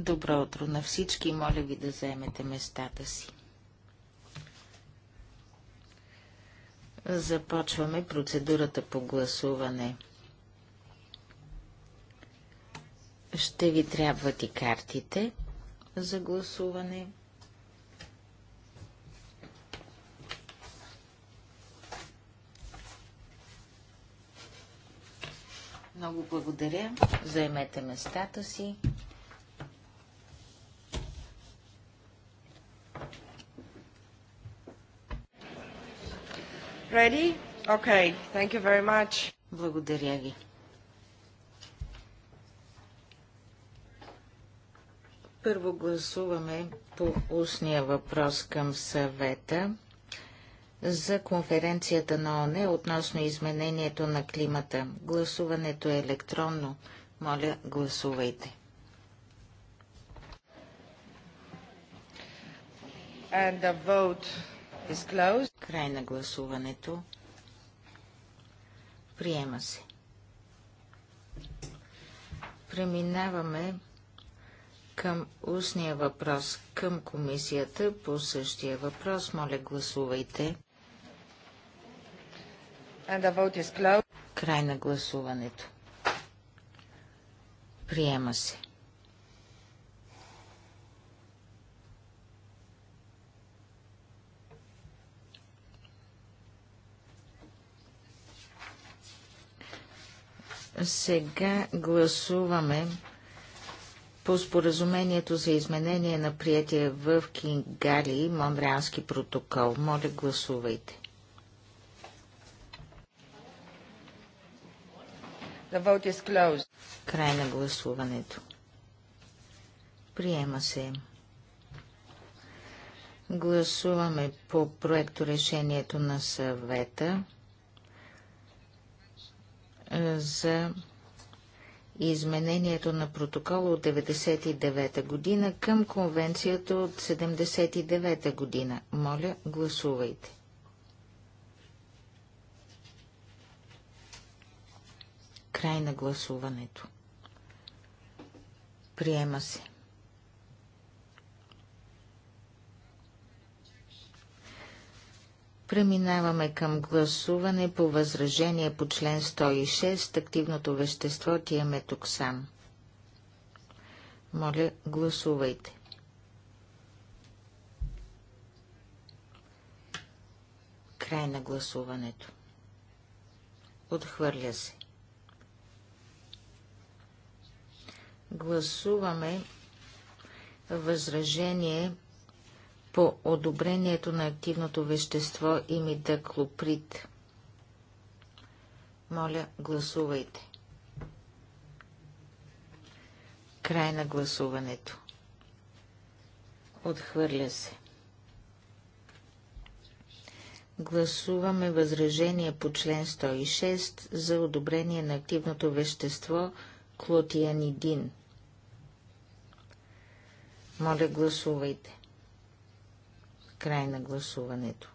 Добро утро на всички. Моля ви да заемете местата си. Започваме процедурата по гласуване. Ще ви трябват и картите за гласуване. Много благодаря. Займете местата си. Ready? Okay. Thank you very much. Благодаря ви. Първо гласуваме по устния въпрос към съвета за конференцията на ОНЕ относно изменението на климата. Гласуването е електронно. Моля, гласувайте. And the vote Край на гласуването. Приема се. Преминаваме към устния въпрос към комисията по същия въпрос. Моля, гласувайте. Край на гласуването. Приема се. Сега гласуваме по споразумението за изменение на приятия в Кингали Монреански протокол. Моля, гласувайте. The vote is closed. Край на гласуването. Приема се. Гласуваме по проекто решението на съвета за изменението на протокола от 1999 година към конвенцията от 1979 година. Моля, гласувайте. Край на гласуването. Приема се. Преминаваме към гласуване по възражение по член 106 активното вещество тиаметоксан. Моля, гласувайте. Край на гласуването. Отхвърля се. Гласуваме възражение по одобрението на активното вещество имидаклоприд. Моля, гласувайте. Край на гласуването. Отхвърля се. Гласуваме възражение по член 106 за одобрение на активното вещество клотианидин. Моля, гласувайте. Край на гласуването.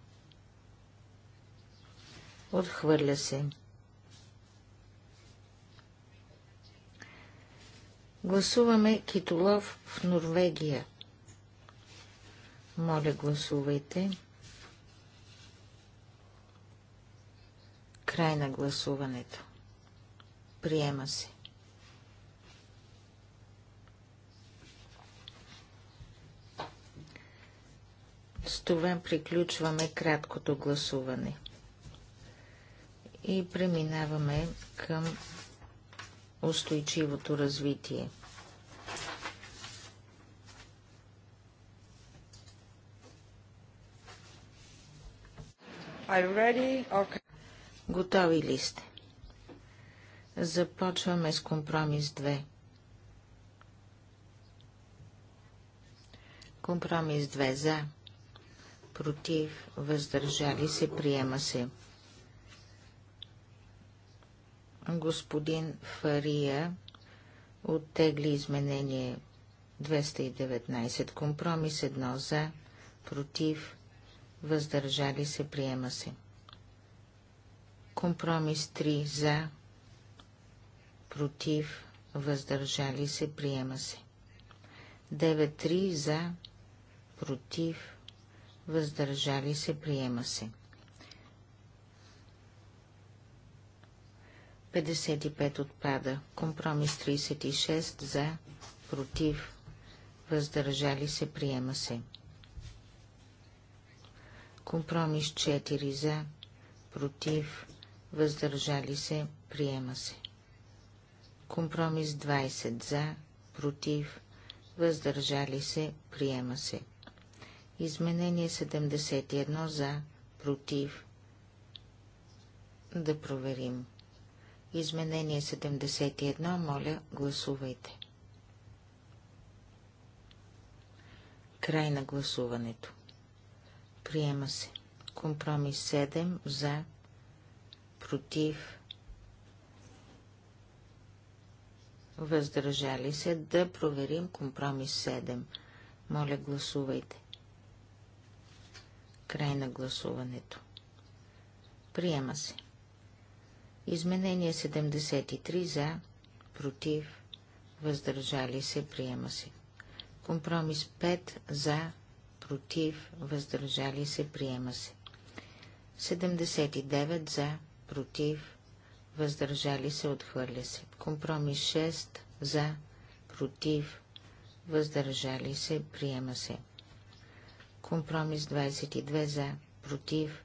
Отхвърля се. Гласуваме Китолов в Норвегия. Моля, гласувайте. Край на гласуването. Приема се. С това приключваме краткото гласуване. И преминаваме към устойчивото развитие. Okay. Готови ли сте? Започваме с компромис 2. Компромис 2 за против, въздържали се, приема се. Господин Фария оттегли изменение 219. Компромис 1 за, против, въздържали се, приема се. Компромис 3 за, против, въздържали се, приема се. 9-3 за, против, въздържали се, приема се. 55 отпада. Компромис 36 за, против, въздържали се, приема се. Компромис 4 за, против, въздържали се, приема се. Компромис 20 за, против, въздържали се, приема се. Изменение 71 за, против. Да проверим. Изменение 71, моля, гласувайте. Край на гласуването. Приема се. Компромис 7 за, против, въздържали се да проверим компромис 7. Моля, гласувайте. Край на гласуването. Приема се. Изменение 73 за, против, въздържали се, приема се. Компромис 5 за, против, въздържали се, приема се. 79 за, против, въздържали се, отхвърля се. Компромис 6 за, против, въздържали се, приема се. Компромис 22 за, против,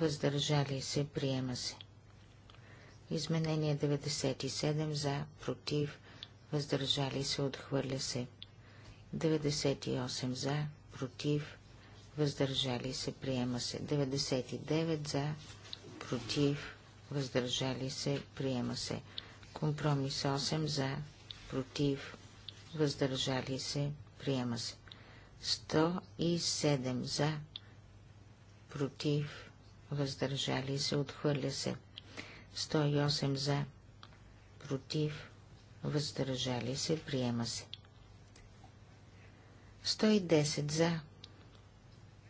въздържали се, приема се. Изменение 97 за, против, въздържали се, отхвърля се. 98 за, против, въздържали се, приема се. 99 за, против, въздържали се, приема се. Компромис 8 за, против, въздържали се, приема се. 107 за, против, въздържали се, отхвърля се. 108 за, против, въздържали се, приема се. 110 за,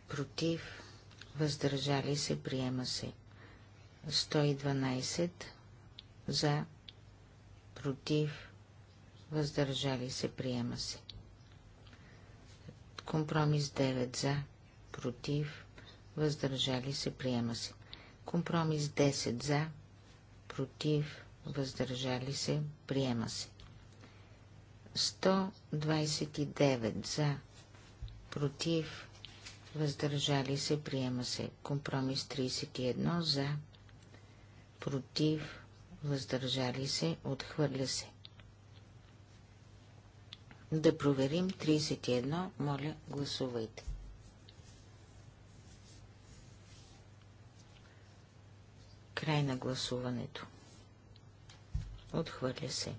против, въздържали се, приема се. 112 за, против, въздържали се, приема се. Компромис 9 за, против, въздържали се, приема се. Компромис 10 за, против, въздържали се, приема се. 129 за, против, въздържали се, приема се. Компромис 31 за, против, въздържали се, отхвърля се. Да проверим 31. Моля, гласувайте. Край на гласуването. Отхвърля се.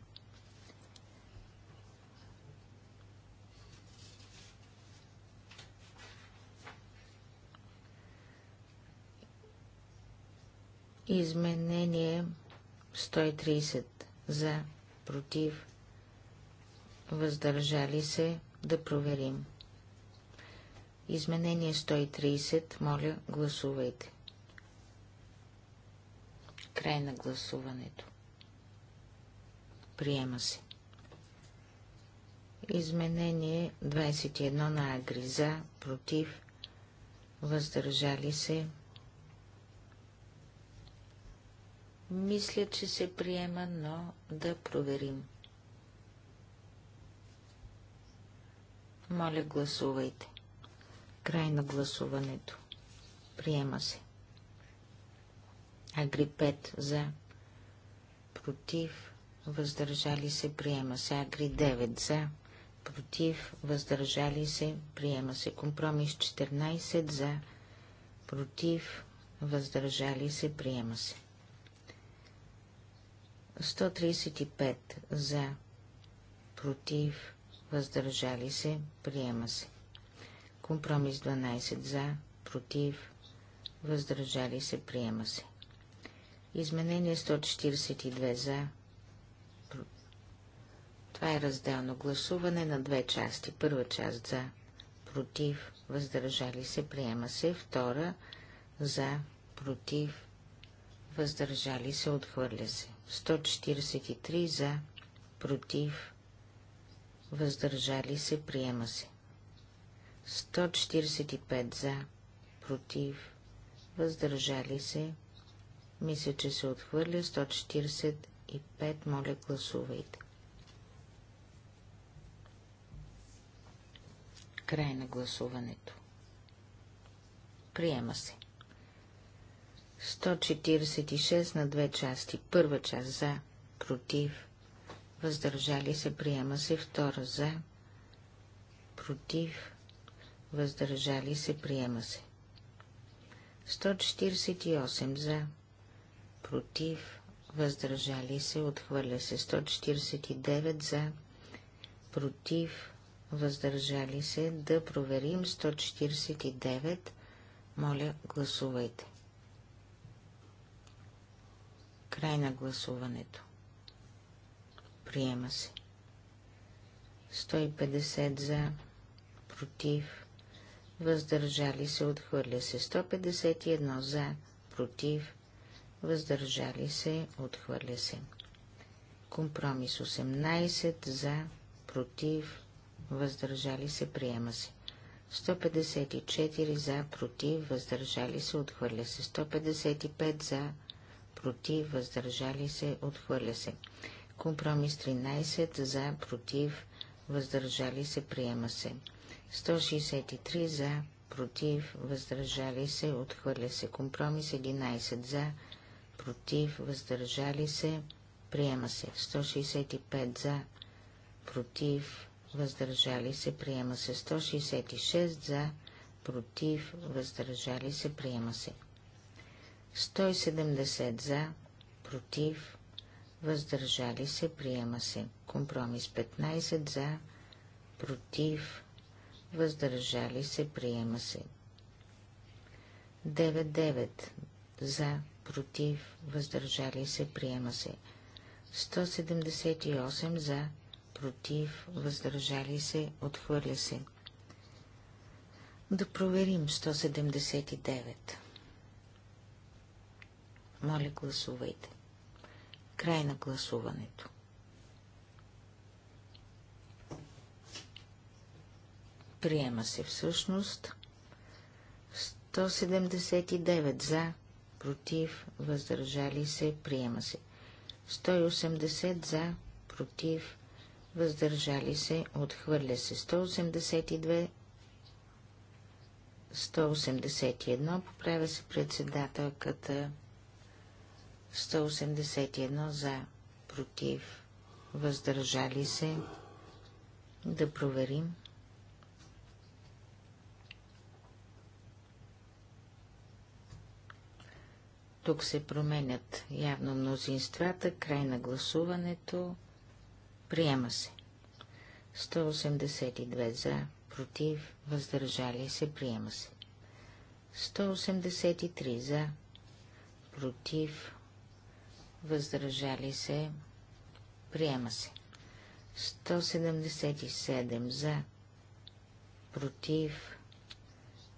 Изменение 130 за против въздържали се, да проверим. Изменение 130, моля, гласувайте. Край на гласуването. Приема се. Изменение 21 на Агри за, против, въздържали се. Мисля, че се приема, но да проверим. Моля, гласувайте. Край на гласуването. Приема се. Агри 5 за. Против. Въздържали се. Приема се. Агри 9 за. Против. Въздържали се. Приема се. Компромис 14 за. Против. Въздържали се. Приема се. 135 за. Против въздържали се, приема се. Компромис 12 за, против, въздържали се, приема се. Изменение 142 за. Това е разделно гласуване на две части. Първа част за, против, въздържали се, приема се. Втора за, против, въздържали се, отхвърля се. 143 за, против, въздържали се, приема се. 145 за, против, въздържали се, мисля, че се отхвърля 145, моля гласувайте. Край на гласуването. Приема се. 146 на две части. Първа част за, против, въздържали се, приема се. Втора за, против, въздържали се, приема се. 148 за, против, въздържали се, отхвърля се. 149 за, против, въздържали се, да проверим 149. Моля, гласувайте. Край на гласуването. Приема се. 150 за, против, въздържали се, отхвърля се. 151 за, против, въздържали се, отхвърля се. Компромис 18 за, против, въздържали се, приема се. 154 за, против, въздържали се, отхвърля се. 155 за, против, въздържали се, отхвърля се. Компромис 13 за, против, въздържали се, приема се. 163 за, против, въздържали се, отхвърля се. Компромис 11 за, против, въздържали се, приема се. 165 за, против, въздържали се, приема се. 166 за, против, въздържали се, приема се. 170 за, против, въздържали се, приема се. Компромис 15 за, против, въздържали се, приема се. 9-9 за, против, въздържали се, приема се. 178 за, против, въздържали се, отхвърля се. Да проверим 179. Моля, гласувайте. Край на гласуването. Приема се всъщност 179 за, против, въздържали се, приема се. 180 за, против, въздържали се, отхвърля се. 182 181 поправя се председателката 181 за, против, въздържали се. Да проверим. Тук се променят явно мнозинствата, край на гласуването. Приема се. 182 за, против, въздържали се, приема се. 183 за, против, въздържали се, приема се. 177 за, против,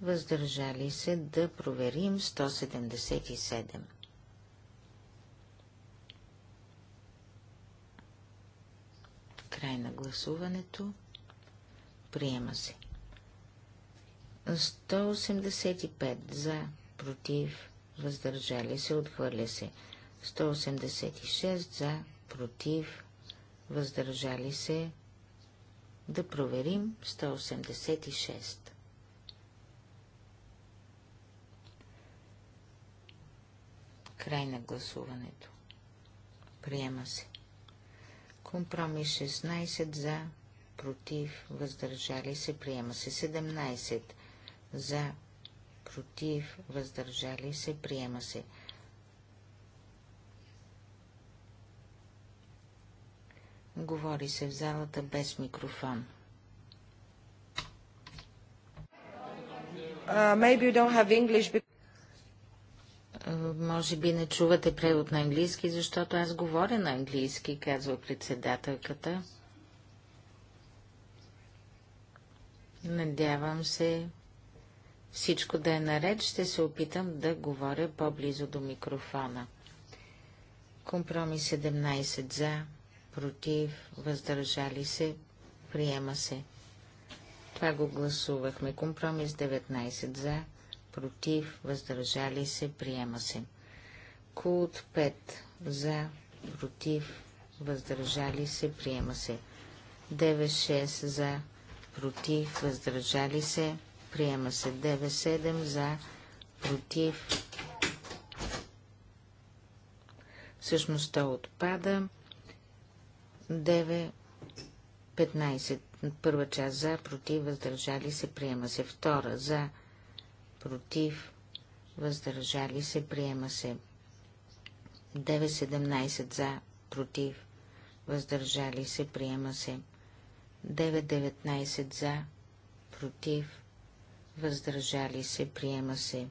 въздържали се, да проверим 177. Край на гласуването. Приема се. 185 за, против, въздържали се, отхвърля се. 186 за, против, въздържали се. Да проверим 186. Край на гласуването. Приема се. Компромис 16 за, против, въздържали се. Приема се 17 за, против, въздържали се. Приема се. Говори се в залата без микрофон. Uh, English... Може би не чувате превод на английски, защото аз говоря на английски, казва председателката. Надявам се всичко да е наред. Ще се опитам да говоря по-близо до микрофона. Компромис 17 за, против, въздържали се, приема се. Това го гласувахме. Компромис 19 за, против, въздържали се, приема се. Култ 5 за, против, въздържали се, приема се. 9-6 за, против, въздържали се, приема се. 9-7 за, против. Всъщност то отпада. 9, 15. Първа част за, против, въздържали се, приема се. Втора за, против, въздържали се, приема се. 9.17 за, против, въздържали се, приема се. 9.19 за, против, въздържали се, приема се.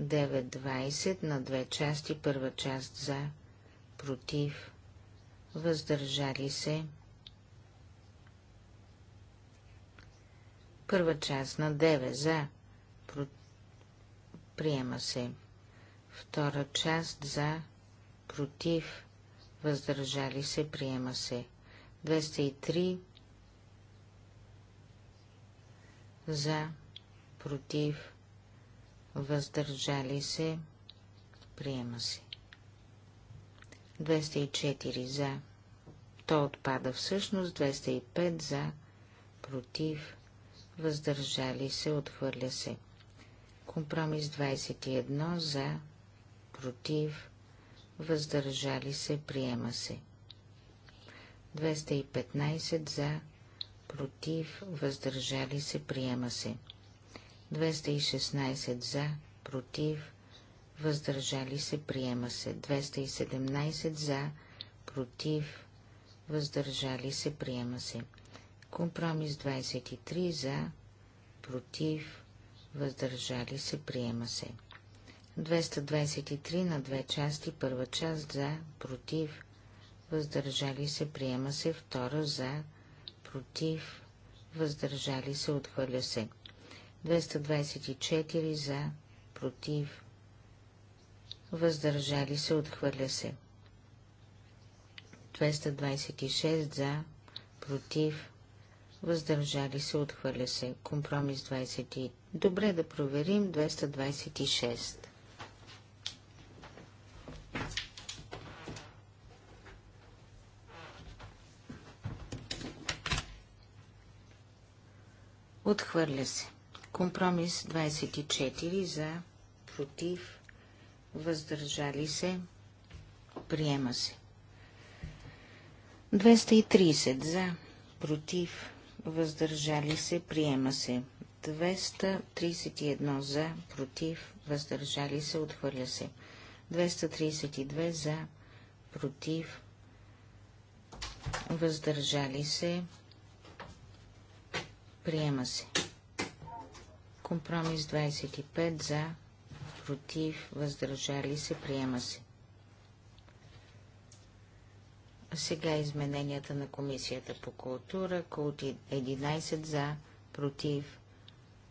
9.20 на две части, първа част за, против, въздържали се. Първа част на 9 за. Про... Приема се. Втора част за. Против. Въздържали се. Приема се. 203 за. Против. Въздържали се. Приема се. 204 за. То отпада всъщност 205 за, против, въздържали се, отхвърля се. Компромис 21 за, против, въздържали се, приема се. 215 за, против, въздържали се, приема се. 216 за, против, въздържали се, приема се. 217 за, против, въздържали се, приема се. Компромис 23 за, против, въздържали се, приема се. 223 на две части, първа част за, против, въздържали се, приема се, втора за, против, въздържали се, отхвърля се. 224 за, против, въздържали се, отхвърля се. 226 за, против, въздържали се, отхвърля се. Компромис 20. Добре да проверим 226. Отхвърля се. Компромис 24 за, против, въздържали се, приема се. 230 за, против, въздържали се, приема се. 231 за, против, въздържали се, отхвърля се. 232 за, против, въздържали се, приема се. Компромис 25 за, против, въздържали се, приема се. Сега измененията на Комисията по култура. Култ 11 за, против,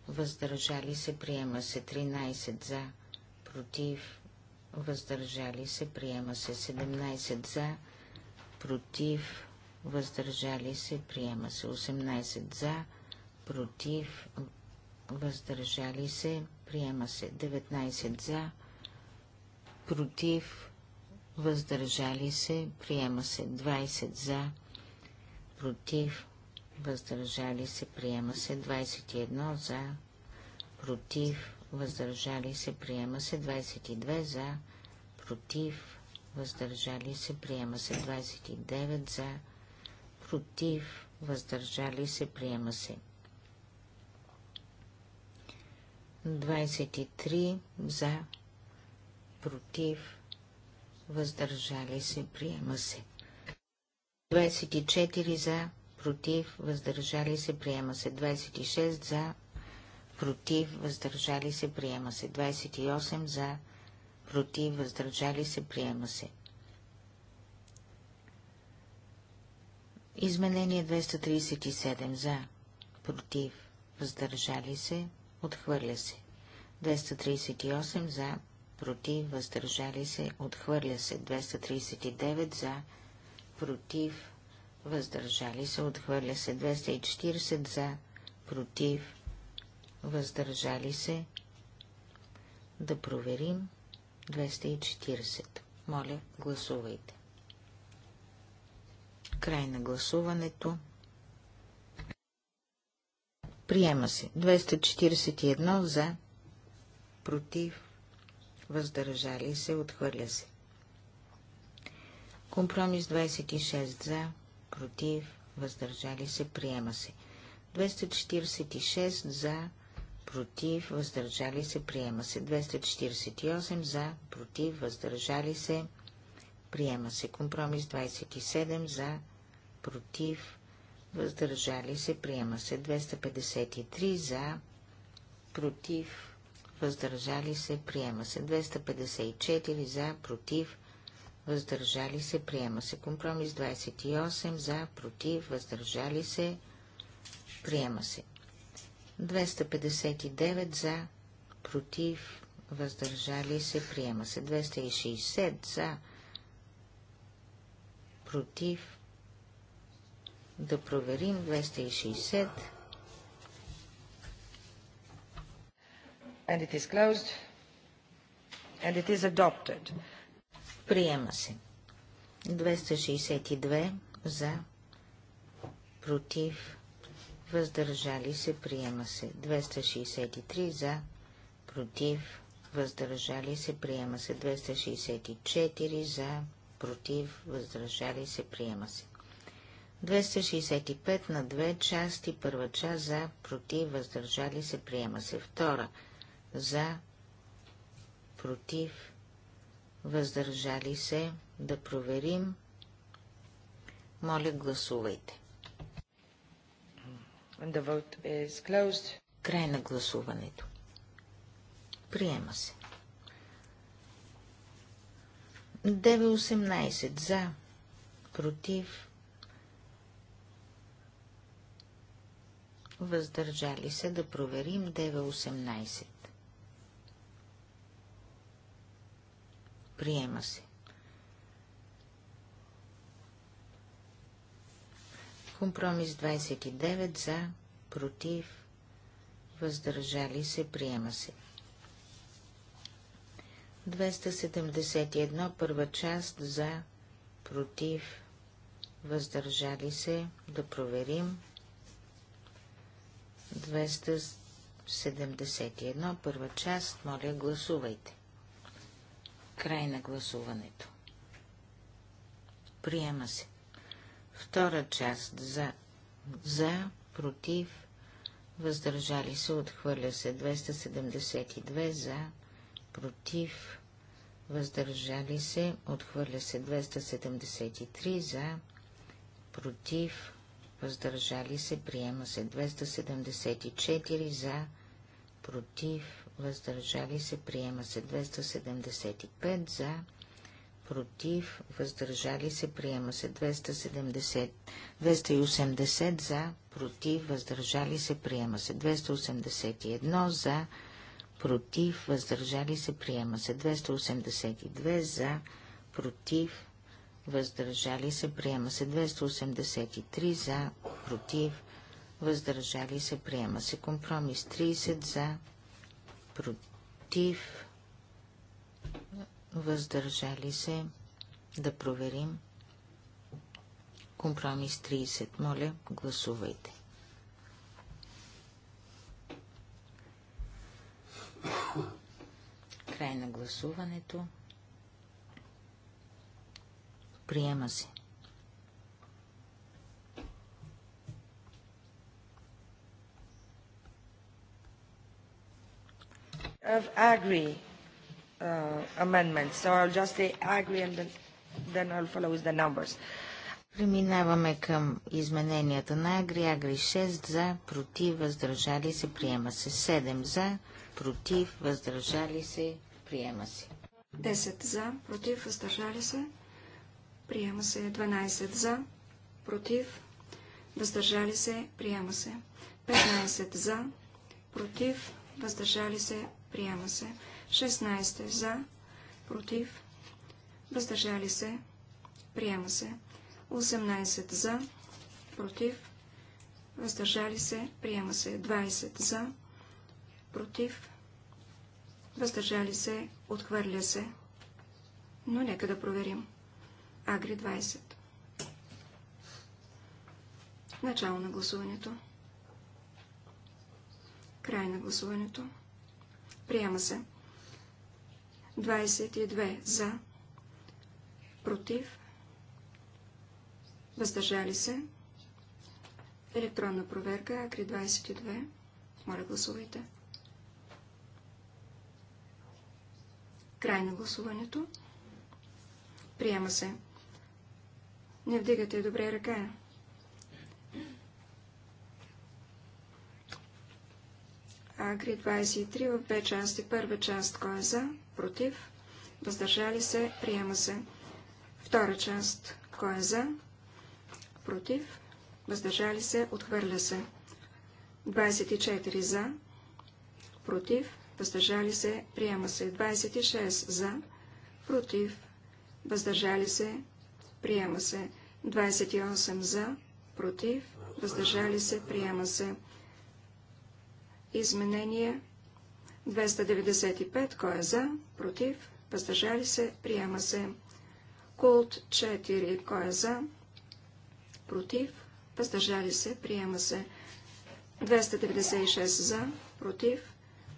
въздържали се, приема се. 13 за, против, въздържали се, приема се. 17 за, против, въздържали се, приема се. 18 за, против, въздържали се, приема се 19 за, против, въздържали се, приема се 20 за, против, въздържали се, приема се 21 за, против, въздържали се, приема се 22 за, против, въздържали се, приема се 29 за, против, въздържали се, приема се 23 за, против, въздържали се, приема се. 24 за, против, въздържали се, приема се. 26 за, против, въздържали се, приема се. 28 за, против, въздържали се, приема се. Изменение 237 за, против, въздържали се, Отхвърля се. 238 за, против, въздържали се, отхвърля се. 239 за, против, въздържали се, отхвърля се. 240 за, против, въздържали се. Да проверим. 240. Моля, гласувайте. Край на гласуването. Приема се. 241 за. Против. Въздържали се. Отхвърля се. Компромис 26 за. Против. Въздържали се. Приема се. 246 за. Против. Въздържали се. Приема се. 248 за. Против. Въздържали се. Приема се. Компромис 27 за. Против въздържали се, приема се 253 за, против, въздържали се, приема се 254 за, против, въздържали се, приема се компромис 28 за, против, въздържали се, приема се 259 за, против, въздържали се, приема се 260 за, против, да проверим 260. And it is closed. And it is adopted. Приема се. 262 за, против, въздържали се, приема се. 263 за, против, въздържали се, приема се. 264 за, против, въздържали се, приема се. 265 на две части, първа част за, против, въздържали се, приема се. Втора за, против, въздържали се, да проверим. Моля, гласувайте. The vote is closed. Край на гласуването. Приема се. 9.18 за, против, въздържали се да проверим 918. 18 Приема се. Компромис 29 за, против, въздържали се, приема се. 271 първа част за, против, въздържали се, да проверим 9 271, първа част. Моля, гласувайте. Край на гласуването. Приема се. Втора част за. За, против, въздържали се, отхвърля се. 272 за, против, въздържали се, отхвърля се. 273 за, против, въздържали се, приема се 274 за, против, въздържали се, приема се 275 за, против, въздържали се, приема се 270, 280 за, против, въздържали се, приема се 281 за, против, въздържали се, приема се 282 за, против, въздържали се, приема се 283 за, против, въздържали се, приема се компромис 30 за, против, въздържали се, да проверим. Компромис 30. Моля, гласувайте. Край на гласуването. Приема се. Of agri uh, amendments, so I'll just say agri and then, then I'll follow with the numbers. Преминаваме към измененията на Агри. Агри 6 за, против, въздържали се, приема се. 7 за, против, въздържали се, приема се. 10 за, против, въздържали се, Приема се 12 за, против, въздържали се, приема се. 15 за, против, въздържали се, приема се. 16 за, против, въздържали се, приема се. 18 за, против, въздържали се, приема се. 20 за, против, въздържали се, отхвърля се. Но нека да проверим. Агри 20. Начало на гласуването. Край на гласуването. Приема се. 22 за. Против. Въздържали се. Електронна проверка. Агри 22. Моля, гласувайте. Край на гласуването. Приема се. Не вдигате добре ръка. Агри 23 в две части. Първа част, кой е за, против, въздържали се, приема се. Втора част, кой е за, против, въздържали се, отхвърля се. 24 за, против, въздържали се, приема се. 26 за, против, въздържали се, приема се. 28 за, против, въздържали се, приема се. Изменение 295, кой е за, против, въздържали се, приема се. Култ 4, кой е за, против, въздържали се, приема се. 296 за, против,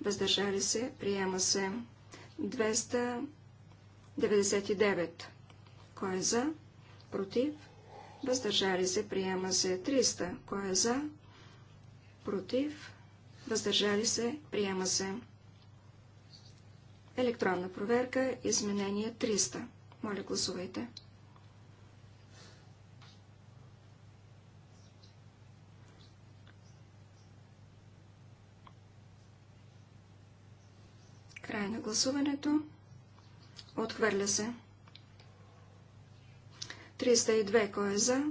въздържали се, приема се. 299, кой е за, против, въздържали се, приема се 300. Кой е за? Против, въздържали се, приема се. Електронна проверка, изменение 300. Моля, гласувайте. Край на гласуването. Отхвърля се. 302. Кой е за?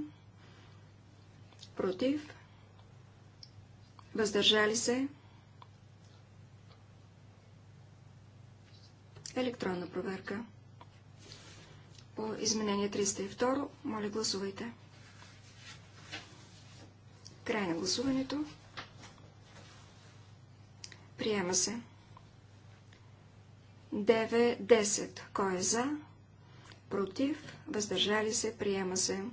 Против? Въздържали се? Електронна проверка. По изменение 302, моля гласувайте. Край на гласуването. Приема се. 9-10. Кой е за? против, въздържали се, приема се.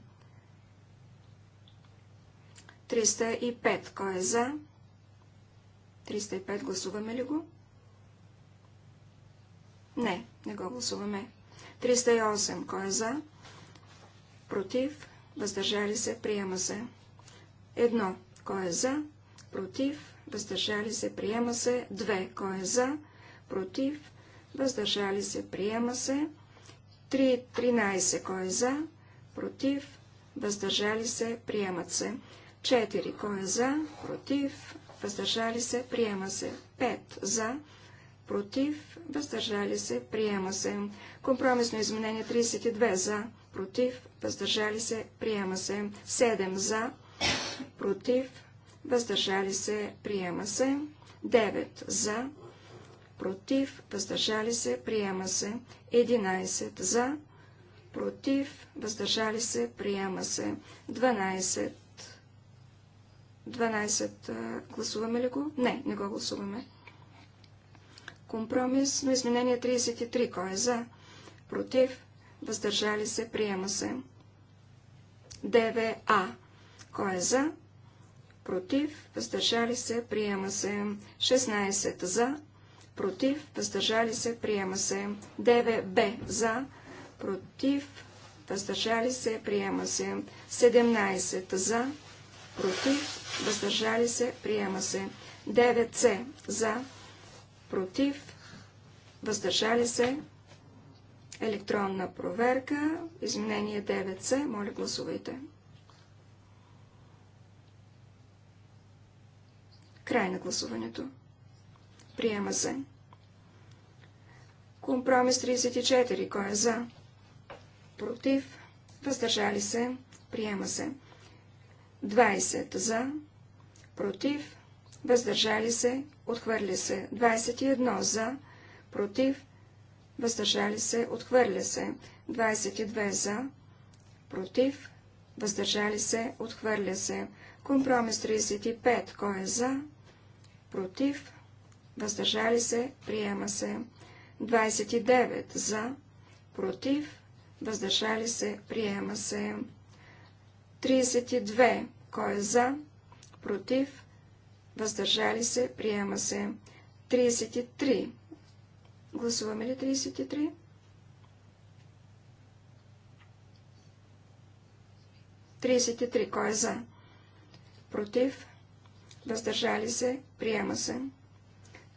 305. Кой е за? 305. Гласуваме ли го? Не, не го гласуваме. 308. Кой е за? Против, въздържали се, приема се. 1. Кой е за? Против, въздържали се, приема се. 2. Кой е за? Против, въздържали се, приема се. 3.13. Кой е за? Против? Въздържали се? Приемат се. 4. Кой е за? Против? Въздържали се? Приема се. 5. За? Против? Въздържали се? Приема се. Компромисно изменение 32. За? Против? Въздържали се? Приема се. 7. За? Против? Въздържали се? Приема се. 9. За? против, въздържали се, приема се. 11 за, против, въздържали се, приема се. 12. 12. Гласуваме ли го? Не, не го гласуваме. Компромис, но изменение 33. Кой е за? Против, въздържали се, приема се. 9а. Кой е за? Против, въздържали се, приема се. 16 за, против, въздържали се, приема се. 9Б за, против, въздържали се, приема се. 17 за, против, въздържали се, приема се. 9С за, против, въздържали се, електронна проверка, изменение 9С, моля гласувайте. Край на гласуването. Приема се. Компромис 34. Кой е за? Против. Въздържали се. Приема се. 20 за. Против. Въздържали се. Отхвърля се. 21 за. Против. Въздържали се. Отхвърля се. 22 за. Против. Въздържали се. Отхвърля се. Компромис 35. Кой е за? Против въздържали се, приема се. 29 за, против, въздържали се, приема се. 32 кой е за, против, въздържали се, приема се. 33 гласуваме ли 33? Тридесет кой е за? Против? Въздържали се? Приема се.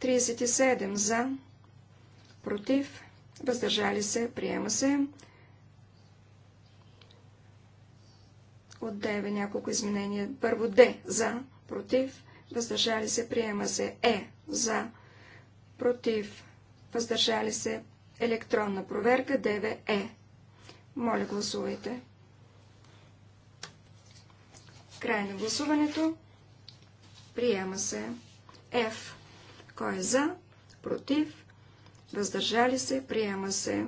37 за, против, въздържали се, приема се. Отдеве няколко изменения. Първо Д за, против, въздържали се, приема се. Е за, против, въздържали се, електронна проверка 9Е. Моля, гласувайте. Край на гласуването. Приема се. F кой е за? Против? Въздържали се? Приема се.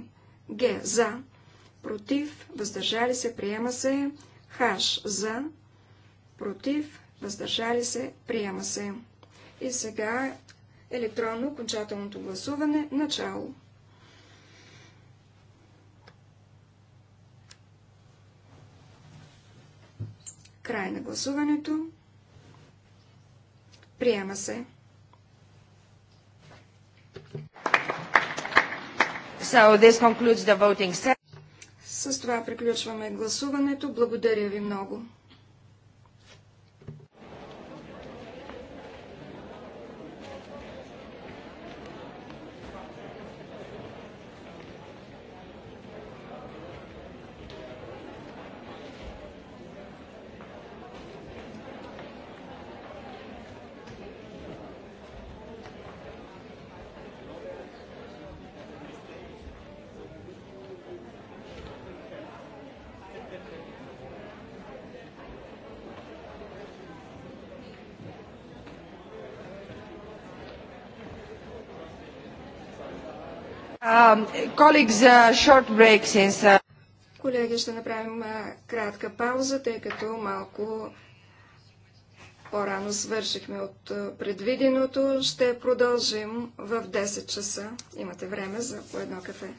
Г. За. Против? Въздържали се? Приема се. Х. За. Против? Въздържали се? Приема се. И сега електронно окончателното гласуване. Начало. Край на гласуването. Приема се. So this concludes the voting С това приключваме гласуването. Благодаря ви много. Um, uh, uh, Колеги, ще направим кратка пауза, тъй като малко по-рано свършихме от предвиденото. Ще продължим в 10 часа. Имате време за по едно кафе.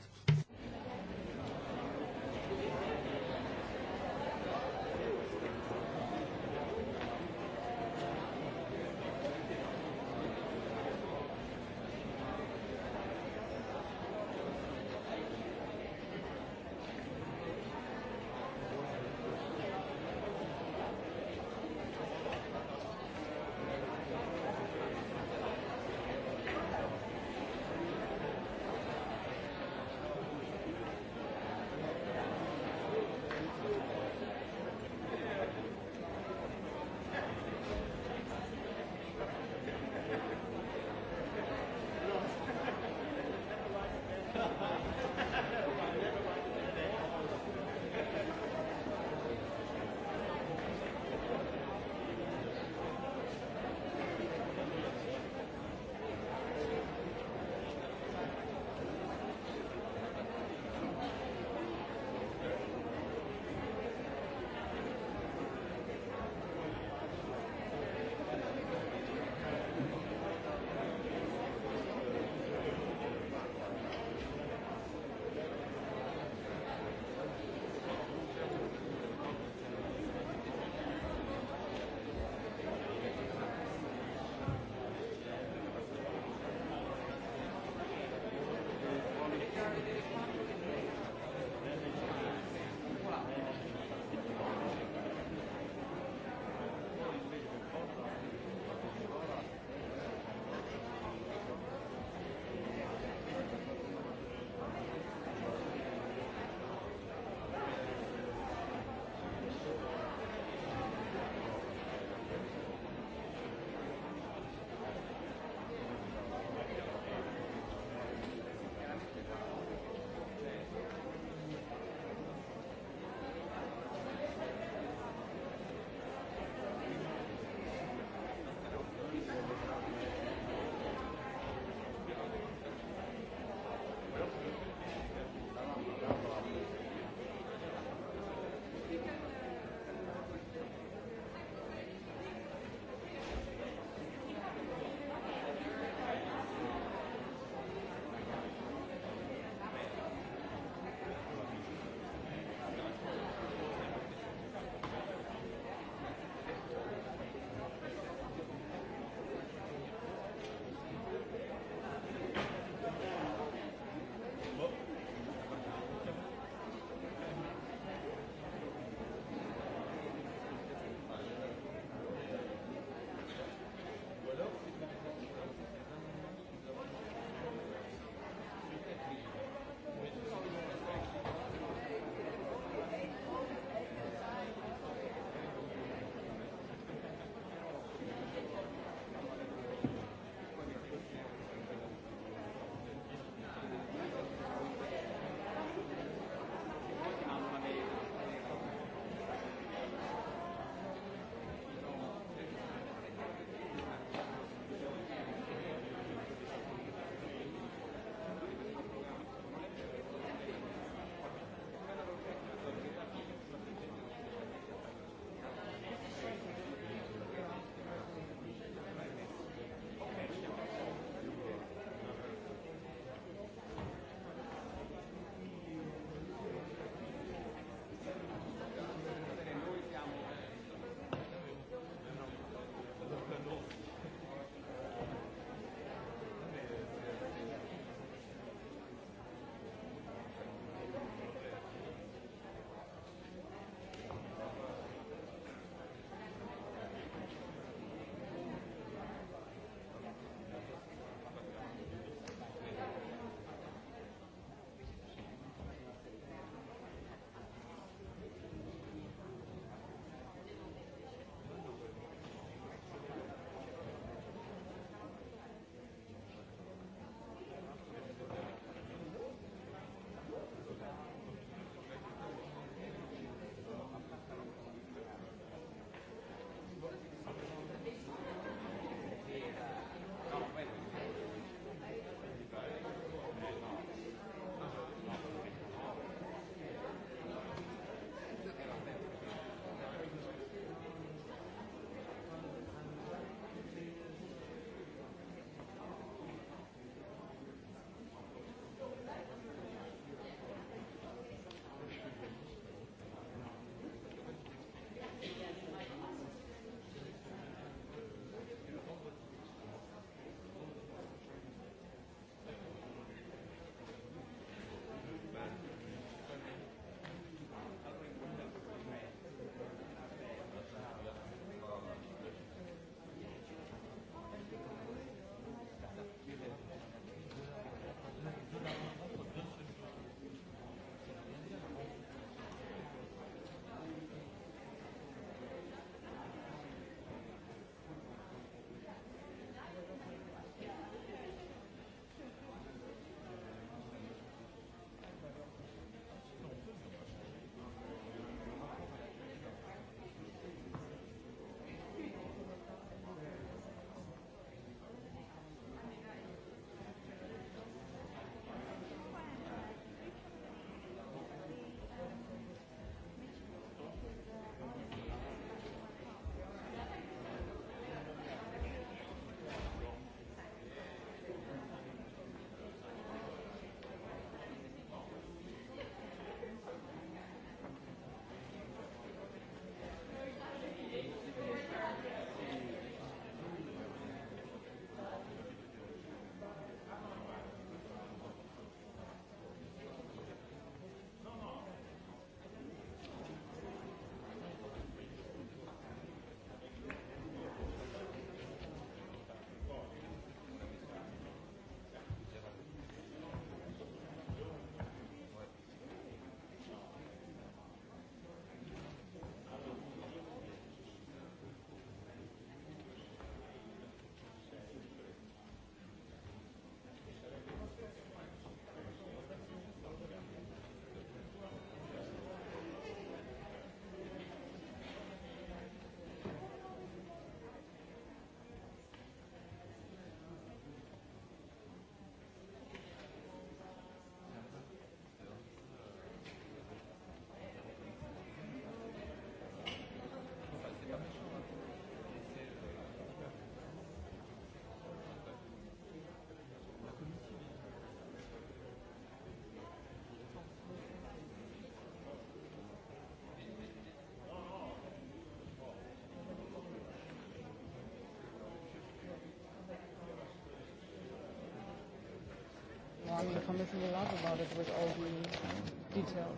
I mean, from missing a lot about it with all the details.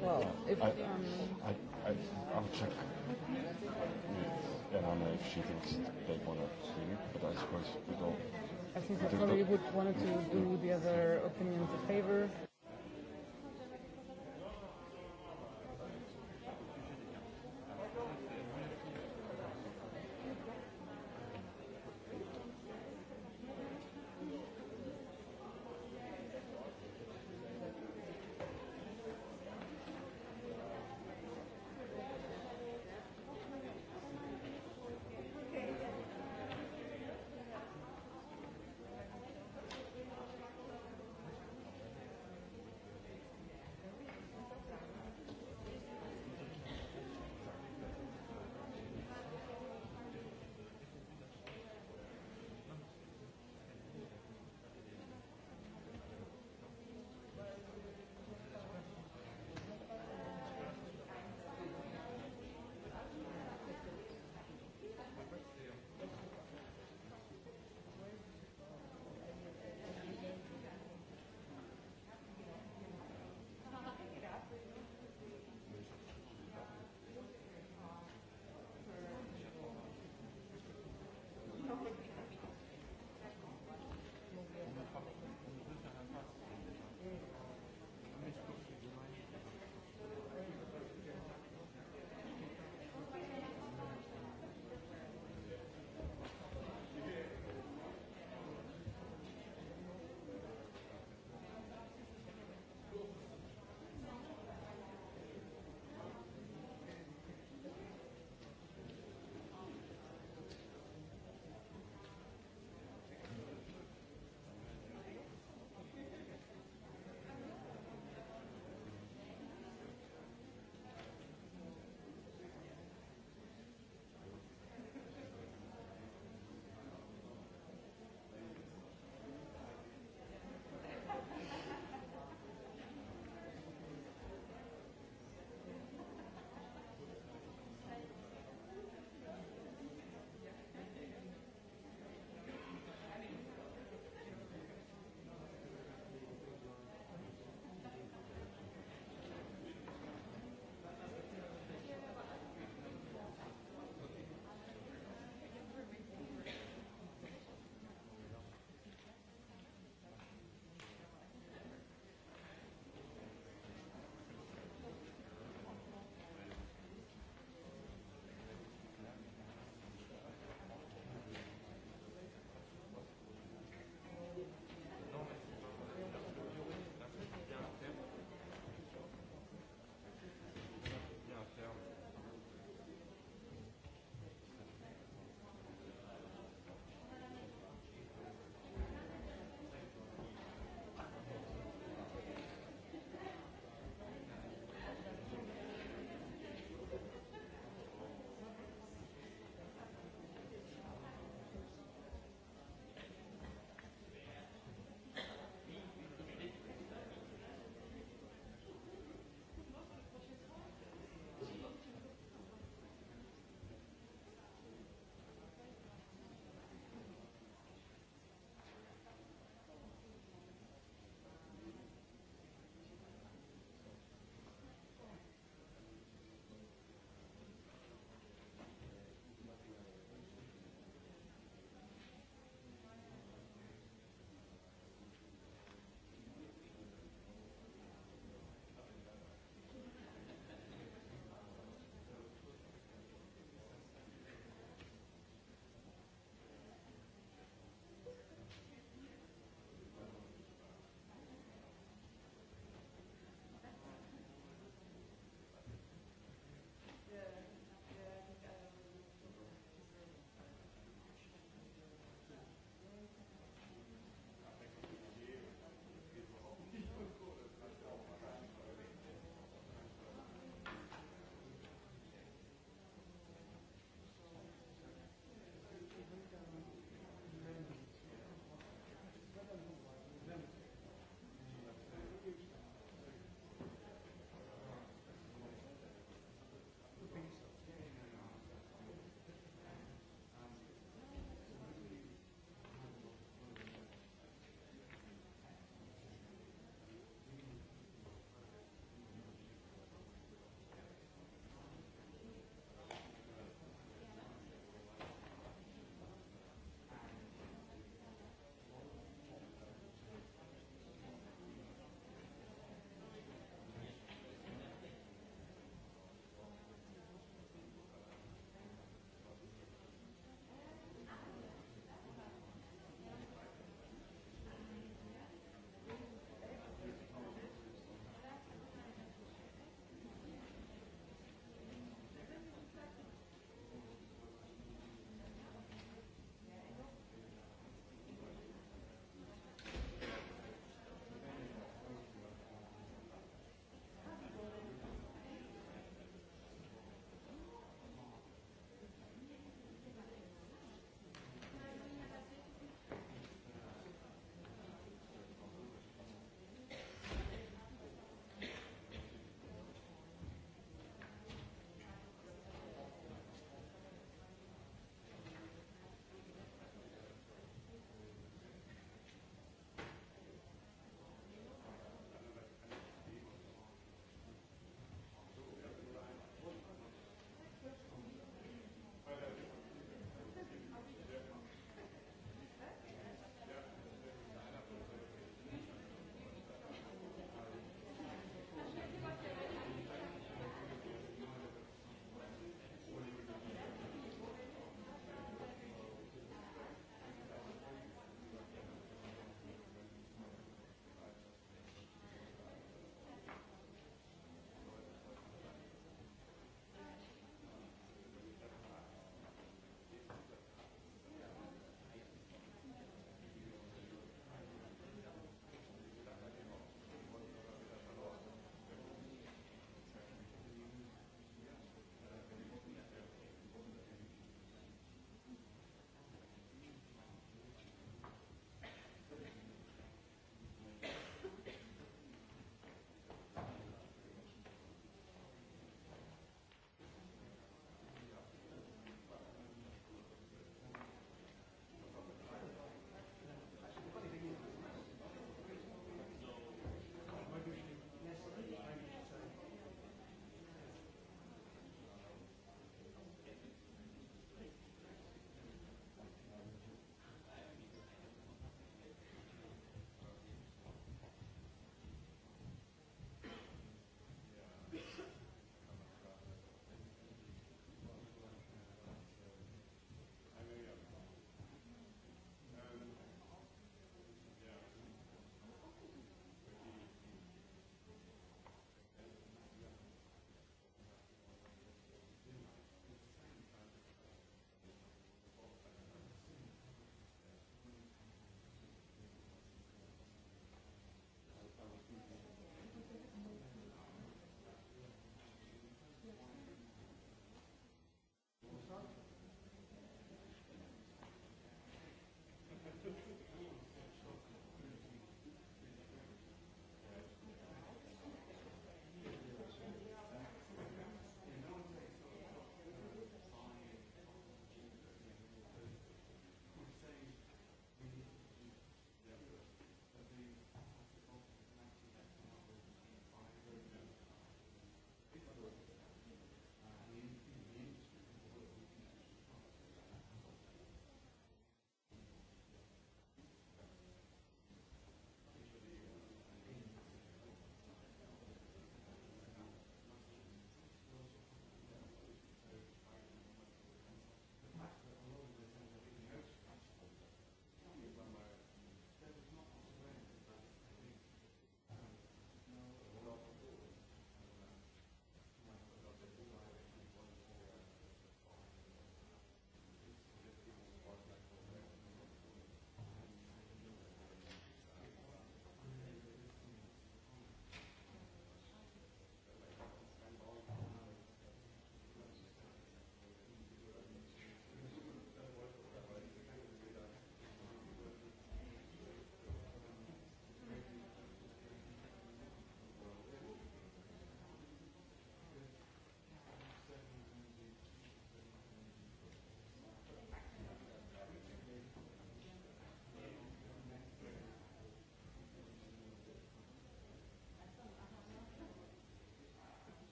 Well, if I, um, I, I, I'll check with Anna if she thinks they want to see it, but I suppose we don't. I think we probably would want to do the other opinions a favor.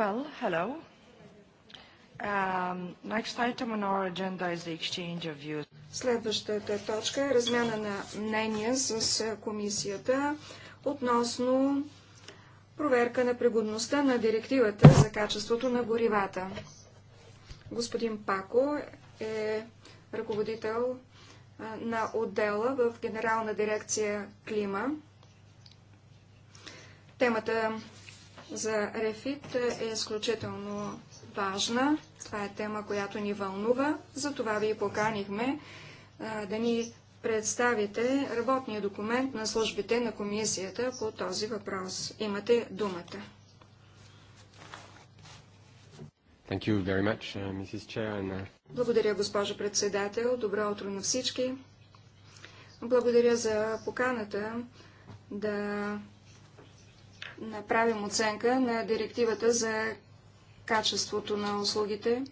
Well, hello. Um, next item on our agenda is the exchange of views. Следващата точка е размяна на мнения с комисията относно проверка на пригодността на директивата за качеството на горивата. Господин Пако е ръководител на отдела в Генерална дирекция Клима. Темата за Рефит е изключително важна. Това е тема, която ни вълнува. Затова ви поканихме да ни представите работния документ на службите на комисията по този въпрос. Имате думата. Thank you very much, uh, Mrs. Chair, and, uh... Благодаря, госпожо председател. Добро утро на всички. Благодаря за поканата да направим оценка на директивата за качеството на услугите.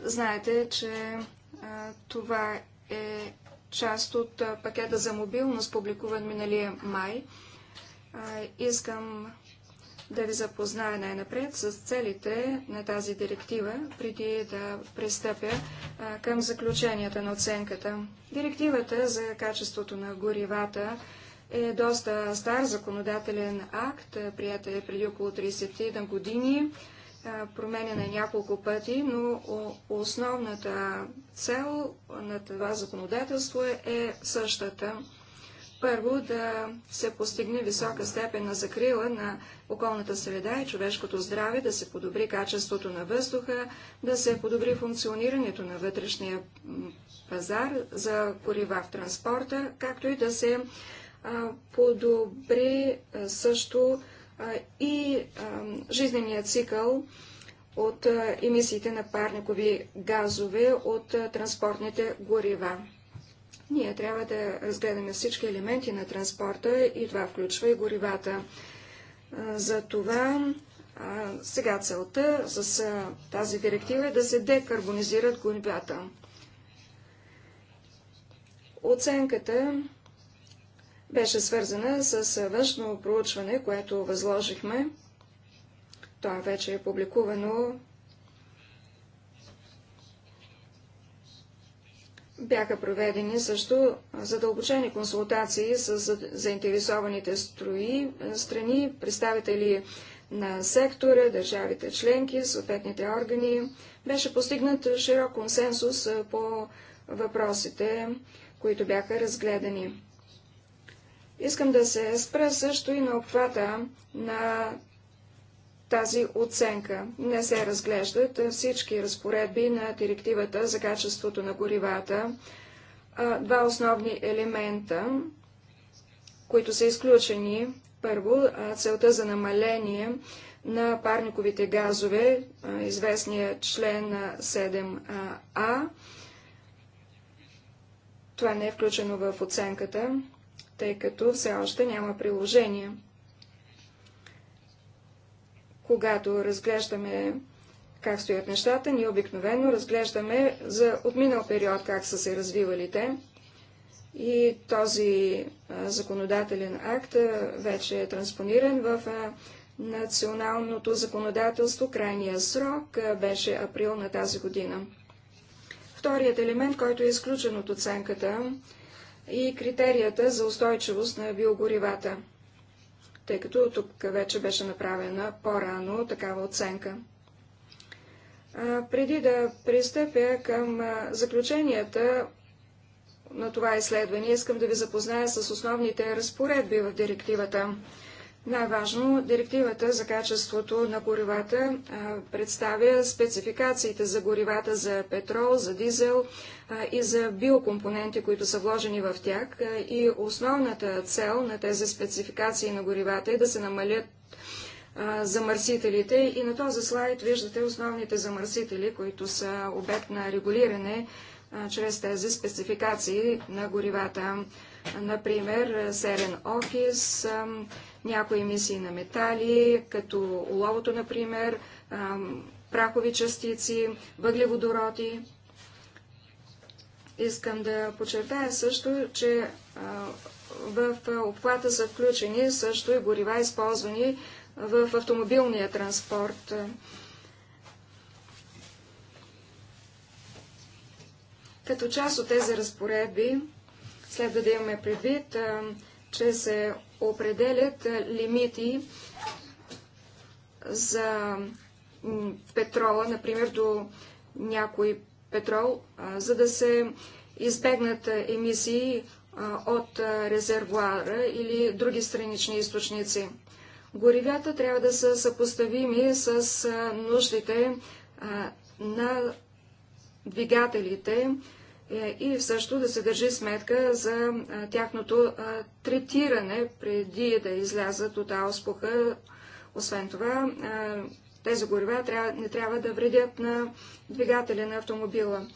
Знаете, че а, това е част от а, пакета за мобилност, публикуван миналия май. А, искам да ви запозная най-напред с целите на тази директива, преди да пристъпя към заключенията на оценката. Директивата за качеството на горивата е доста стар законодателен акт, прият е преди около 31 години, променен е няколко пъти, но основната цел на това законодателство е същата. Първо, да се постигне висока степен на закрила на околната среда и човешкото здраве, да се подобри качеството на въздуха, да се подобри функционирането на вътрешния пазар за корива в транспорта, както и да се подобри също и жизнения цикъл от емисиите на парникови газове от транспортните горива. Ние трябва да разгледаме всички елементи на транспорта и това включва и горивата. За това сега целта с тази директива е да се декарбонизират горивата. Оценката беше свързана с външно проучване, което възложихме. То вече е публикувано. Бяха проведени също задълбочени консултации с заинтересованите строи, страни, представители на сектора, държавите членки, съответните органи. Беше постигнат широк консенсус по въпросите, които бяха разгледани. Искам да се спра също и на обхвата на тази оценка. Не се разглеждат всички разпоредби на директивата за качеството на горивата. Два основни елемента, които са изключени. Първо, целта за намаление на парниковите газове, известния член 7а. Това не е включено в оценката тъй като все още няма приложение. Когато разглеждаме как стоят нещата, ние обикновено разглеждаме за отминал период как са се развивали те. И този законодателен акт вече е транспониран в националното законодателство. Крайния срок беше април на тази година. Вторият елемент, който е изключен от оценката, и критерията за устойчивост на биогоривата, тъй като тук вече беше направена по-рано такава оценка. преди да пристъпя към заключенията на това изследване, искам да ви запозная с основните разпоредби в директивата. Най-важно, директивата за качеството на горивата представя спецификациите за горивата за петрол, за дизел и за биокомпоненти, които са вложени в тях. и основната цел на тези спецификации на горивата е да се намалят замърсителите. И на този слайд виждате основните замърсители, които са обект на регулиране чрез тези спецификации на горивата. Например, серен офис някои емисии на метали, като оловото, например, прахови частици, въглеводороди. Искам да подчертая също, че в обхвата са включени също и горива, използвани в автомобилния транспорт. Като част от тези разпоредби следва да имаме предвид, че се определят лимити за петрола, например до някой петрол, за да се избегнат емисии от резервуара или други странични източници. Горивята трябва да са съпоставими с нуждите на двигателите, е, и също да се държи сметка за тяхното третиране преди да излязат от ауспуха. Освен това, тези горива не трябва да вредят на двигателя на автомобила.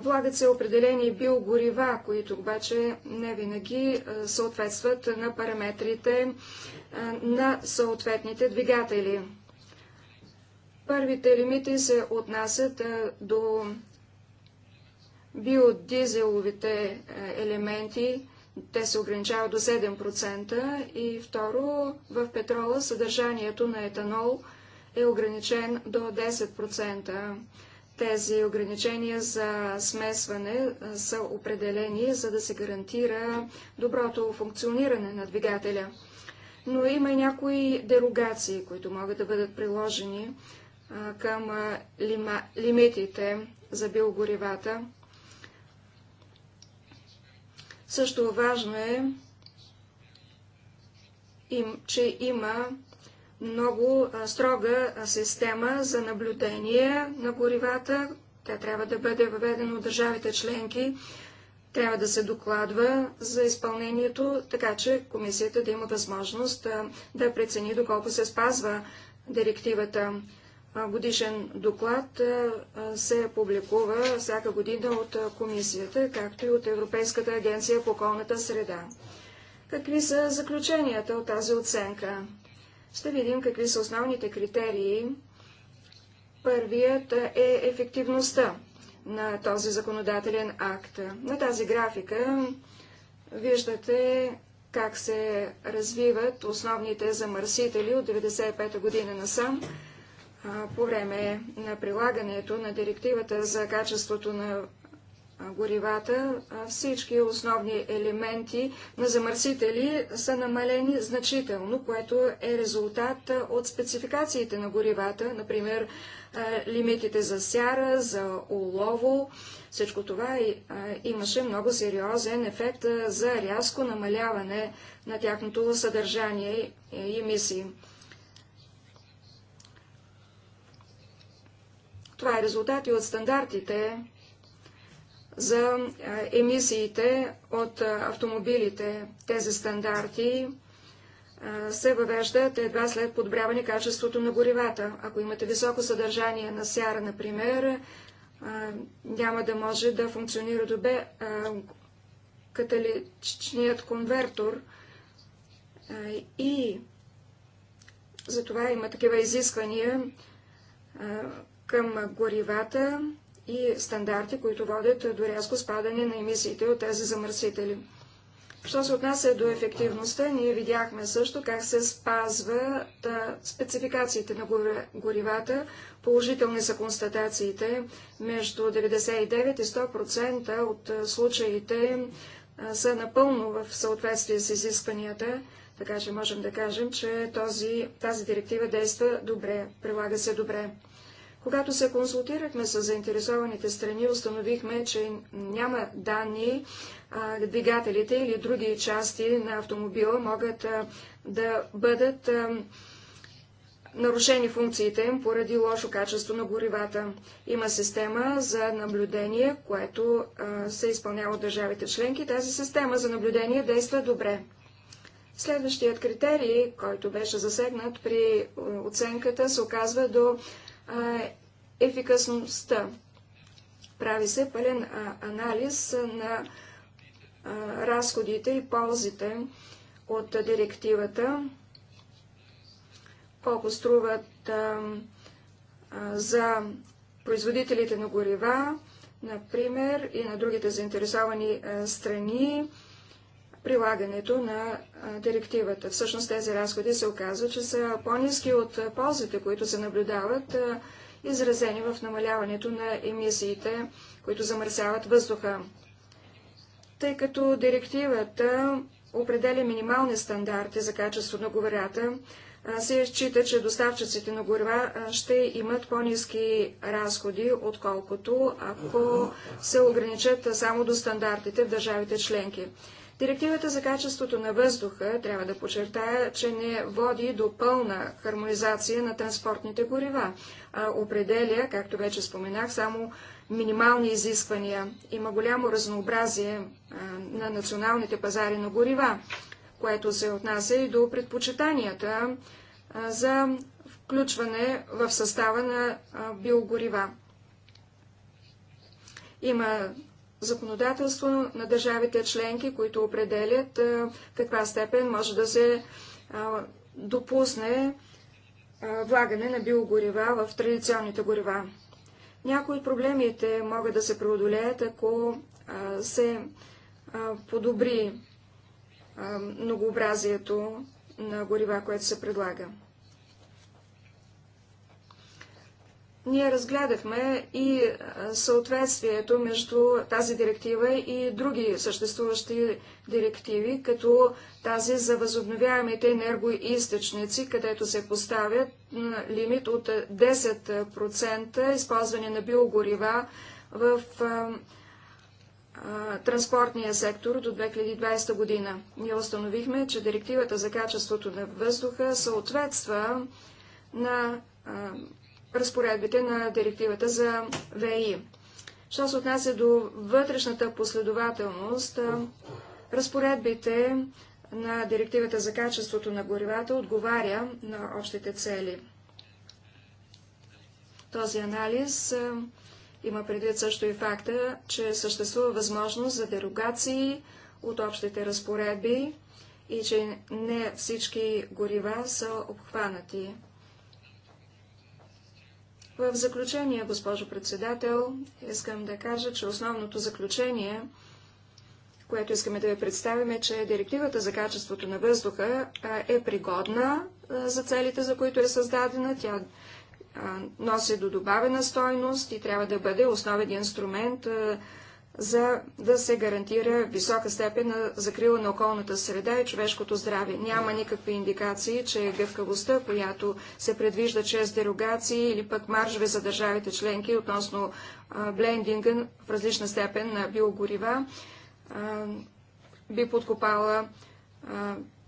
Влагат се определени биогорива, които обаче не винаги съответстват на параметрите на съответните двигатели. Първите лимити се отнасят до биодизеловите е, елементи, те се ограничават до 7% и второ, в петрола съдържанието на етанол е ограничен до 10%. Тези ограничения за смесване е, са определени, за да се гарантира доброто функциониране на двигателя. Но има и някои дерогации, които могат да бъдат приложени към лима, лимитите за биогоривата. Също важно е, че има много строга система за наблюдение на горивата. Тя трябва да бъде въведена от държавите членки. Трябва да се докладва за изпълнението, така че комисията да има възможност да прецени доколко се спазва директивата годишен доклад се публикува всяка година от комисията, както и от Европейската агенция по околната среда. Какви са заключенията от тази оценка? Ще видим какви са основните критерии. Първият е ефективността на този законодателен акт. На тази графика виждате как се развиват основните замърсители от 1995 година насам по време на прилагането на директивата за качеството на горивата, всички основни елементи на замърсители са намалени значително, което е резултат от спецификациите на горивата, например лимитите за сяра, за олово. Всичко това имаше много сериозен ефект за рязко намаляване на тяхното съдържание и емисии. Това е резултат и от стандартите за емисиите от автомобилите. Тези стандарти се въвеждат едва след подобряване качеството на горивата. Ако имате високо съдържание на сяра, например, няма да може да функционира добре каталичният конвертор и затова има такива изисквания към горивата и стандарти, които водят до рязко спадане на емисиите от тези замърсители. Що се отнася до ефективността, ние видяхме също как се спазват спецификациите на горивата. Положителни са констатациите. Между 99 и 100% от случаите са напълно в съответствие с изискванията, така че можем да кажем, че този, тази директива действа добре, прилага се добре. Когато се консултирахме с заинтересованите страни, установихме, че няма данни двигателите или други части на автомобила могат да бъдат нарушени функциите им поради лошо качество на горивата. Има система за наблюдение, което се изпълнява от държавите членки. Тази система за наблюдение действа добре. Следващият критерий, който беше засегнат при оценката, се оказва до ефикасността. Прави се пълен анализ на разходите и ползите от директивата, колко струват за производителите на горива, например, и на другите заинтересовани страни, прилагането на директивата. Всъщност тези разходи се оказва, че са по-низки от ползите, които се наблюдават, изразени в намаляването на емисиите, които замърсяват въздуха. Тъй като директивата определя минимални стандарти за качество на говорята, се счита, че доставчиците на горива ще имат по-низки разходи, отколкото ако се ограничат само до стандартите в държавите членки. Директивата за качеството на въздуха трябва да подчертая, че не води до пълна хармонизация на транспортните горива, а определя, както вече споменах, само минимални изисквания. Има голямо разнообразие на националните пазари на горива, което се отнася и до предпочитанията за включване в състава на биогорива. Има законодателство на държавите членки, които определят в каква степен може да се допусне влагане на биогорива в традиционните горива. Някои от проблемите могат да се преодолеят, ако се подобри многообразието на горива, което се предлага. Ние разгледахме и съответствието между тази директива и други съществуващи директиви, като тази за възобновяемите енергоизточници, където се поставя лимит от 10% използване на биогорива в транспортния сектор до 2020 година. Ние установихме, че директивата за качеството на въздуха съответства на а, разпоредбите на директивата за ВИ. Що се отнася до вътрешната последователност, разпоредбите на директивата за качеството на горивата отговаря на общите цели. Този анализ има предвид също и факта, че съществува възможност за дерогации от общите разпоредби и че не всички горива са обхванати. В заключение, госпожо председател, искам да кажа, че основното заключение, което искаме да ви представим е, че директивата за качеството на въздуха е пригодна за целите, за които е създадена. Тя носи до добавена стойност и трябва да бъде основен инструмент за да се гарантира висока степен на закрила на околната среда и човешкото здраве. Няма никакви индикации, че гъвкавостта, която се предвижда чрез дерогации или пък маржове за държавите членки относно блендинга в различна степен на биогорива, би подкопала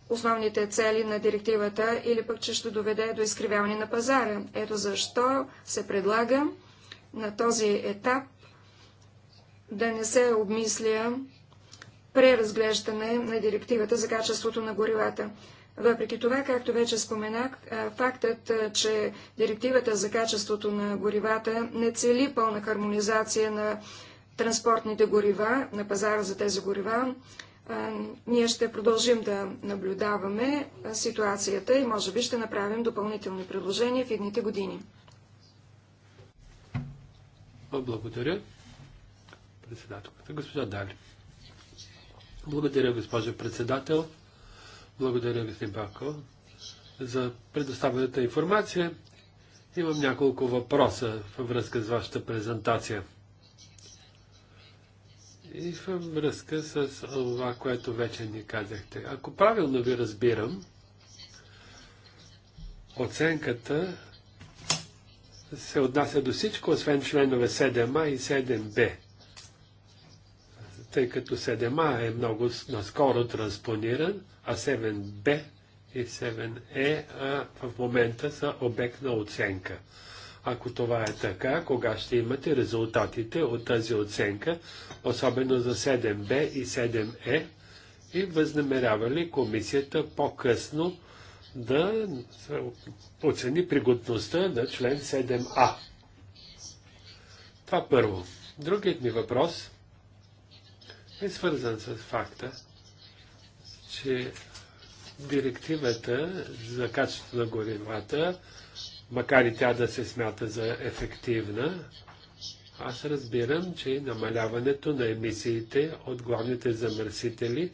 основните цели на директивата или пък че ще доведе до изкривяване на пазара. Ето защо се предлага на този етап да не се обмисля преразглеждане на директивата за качеството на горивата. Въпреки това, както вече споменах, фактът, че директивата за качеството на горивата не цели пълна хармонизация на транспортните горива, на пазара за тези горива, ние ще продължим да наблюдаваме ситуацията и може би ще направим допълнителни предложения в едните години. Благодаря председателката. Госпожа Дали. Благодаря, госпожа председател. Благодаря, господин Бако, за предоставената информация. Имам няколко въпроса във връзка с вашата презентация. И във връзка с това, което вече ни казахте. Ако правилно ви разбирам, оценката се отнася до всичко, освен членове 7а и 7б тъй като 7А е много наскоро транспониран, а 7Б и 7Е в момента са обект на оценка. Ако това е така, кога ще имате резултатите от тази оценка, особено за 7Б и 7Е, и възнамерява ли комисията по-късно да оцени пригодността на член 7А? Това първо. Другият ми въпрос е свързан с факта, че директивата за качеството на горивата, макар и тя да се смята за ефективна, аз разбирам, че намаляването на емисиите от главните замърсители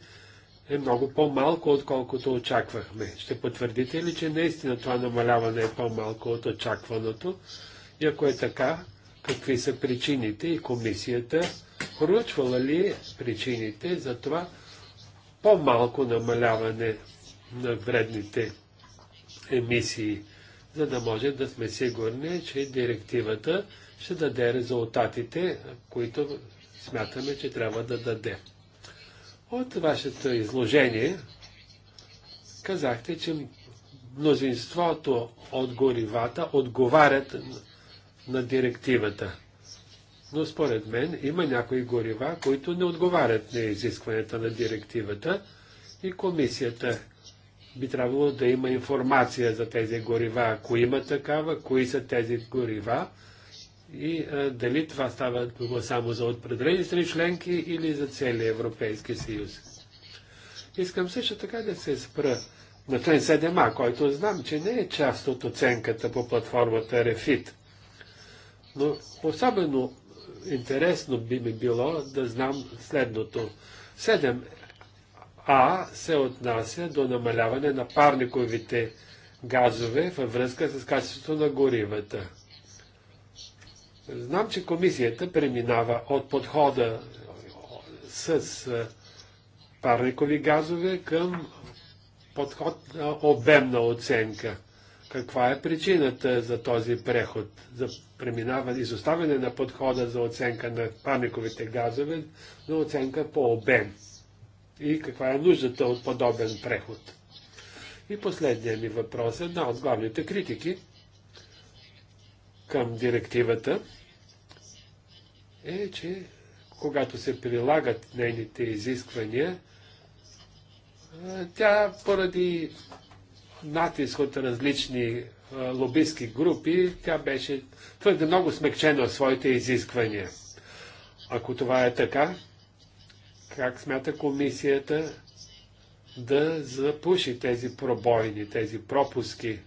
е много по-малко, отколкото очаквахме. Ще потвърдите ли, че наистина това намаляване е по-малко от очакваното? И ако е така, какви са причините и комисията проучвала ли причините за това по-малко намаляване на вредните емисии, за да може да сме сигурни, че директивата ще даде резултатите, които смятаме, че трябва да даде. От вашето изложение казахте, че мнозинството от горивата отговарят на директивата но според мен има някои горива, които не отговарят на изискванията на директивата и комисията би трябвало да има информация за тези горива, ако има такава, кои са тези горива и а, дали това става дума само за определени страни членки или за целия Европейски съюз. Искам също така да се спра на член 7а, който знам, че не е част от оценката по платформата Refit. Но особено интересно би ми било да знам следното. 7А се отнася до намаляване на парниковите газове във връзка с качеството на горивата. Знам, че комисията преминава от подхода с парникови газове към подход на обемна оценка каква е причината за този преход, за преминаване, изоставяне на подхода за оценка на парниковите газове, за оценка по обем и каква е нуждата от подобен преход. И последният ми въпрос е една от главните критики към директивата е, че когато се прилагат нейните изисквания, тя поради натиск от различни лобистки групи, тя беше твърде много смекчена от своите изисквания. Ако това е така, как смята комисията да запуши тези пробойни, тези пропуски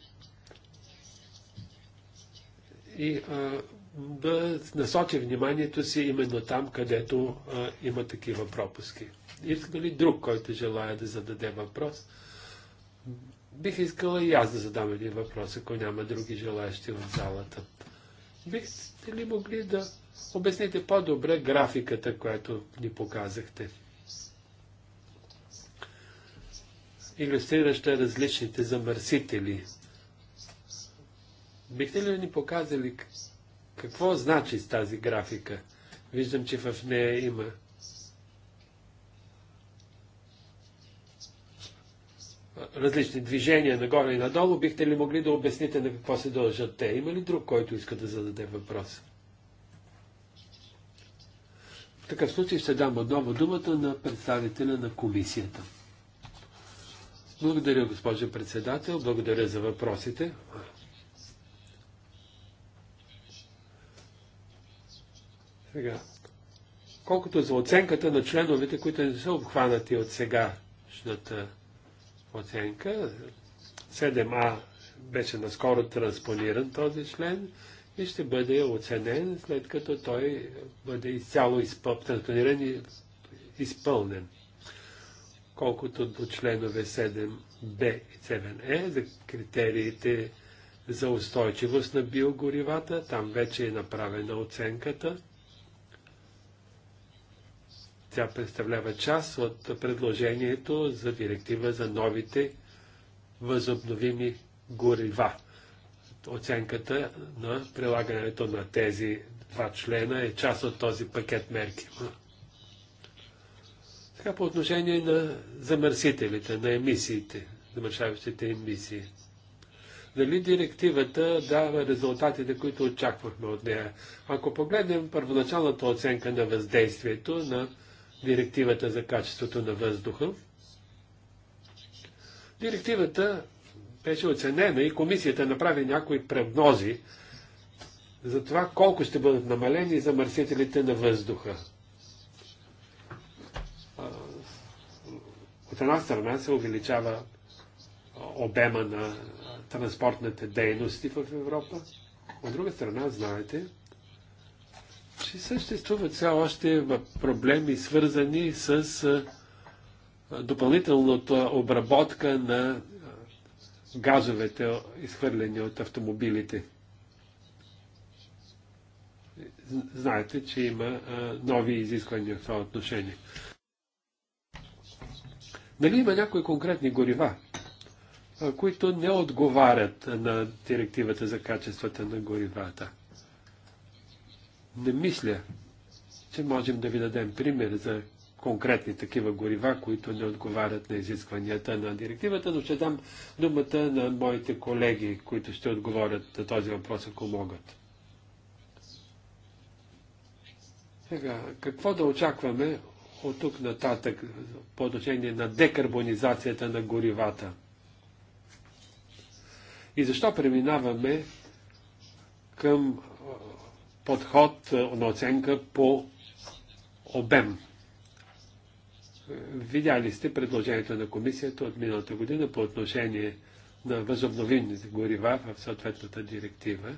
и а, да насочи вниманието си именно там, където а, има такива пропуски. Иска ли друг, който желая да зададе въпрос? Бих искала и аз да задам един въпрос, ако няма други желаящи от залата. Бихте ли могли да обясните по-добре графиката, която ни показахте? Иллюстрираща различните замърсители. Бихте ли ни показали какво значи с тази графика? Виждам, че в нея има различни движения нагоре и надолу, бихте ли могли да обясните на какво се дължат те? Има ли друг, който иска да зададе въпрос? В такъв случай ще дам отново думата на представителя на комисията. Благодаря, госпожо председател. Благодаря за въпросите. Сега. Колкото за оценката на членовете, които не са обхванати от сегашната оценка. 7А беше наскоро транспониран този член и ще бъде оценен след като той бъде изцяло изпъл... транспониран и изпълнен. Колкото до членове 7Б и 7Е за критериите за устойчивост на биогоривата, там вече е направена оценката – тя представлява част от предложението за директива за новите възобновими горива. Оценката на прилагането на тези два члена е част от този пакет мерки. Така по отношение на замърсителите, на емисиите, замършаващите емисии. Дали директивата дава резултатите, които очаквахме от нея? Ако погледнем първоначалната оценка на въздействието на директивата за качеството на въздуха. Директивата беше оценена и комисията направи някои прогнози за това колко ще бъдат намалени замърсителите на въздуха. От една страна се увеличава обема на транспортните дейности в Европа, от друга страна знаете, че съществуват все още проблеми, свързани с допълнителната обработка на газовете, изхвърлени от автомобилите. Знаете, че има нови изисквания в това отношение. Дали има някои конкретни горива, които не отговарят на директивата за качествата на горивата? не мисля, че можем да ви дадем пример за конкретни такива горива, които не отговарят на изискванията на директивата, но ще дам думата на моите колеги, които ще отговорят на този въпрос, ако могат. Сега, какво да очакваме от тук нататък по отношение на декарбонизацията на горивата? И защо преминаваме към подход е, на оценка по обем. Е, видяли сте предложението на комисията от миналата година по отношение на възобновимите горива в съответната директива. Е,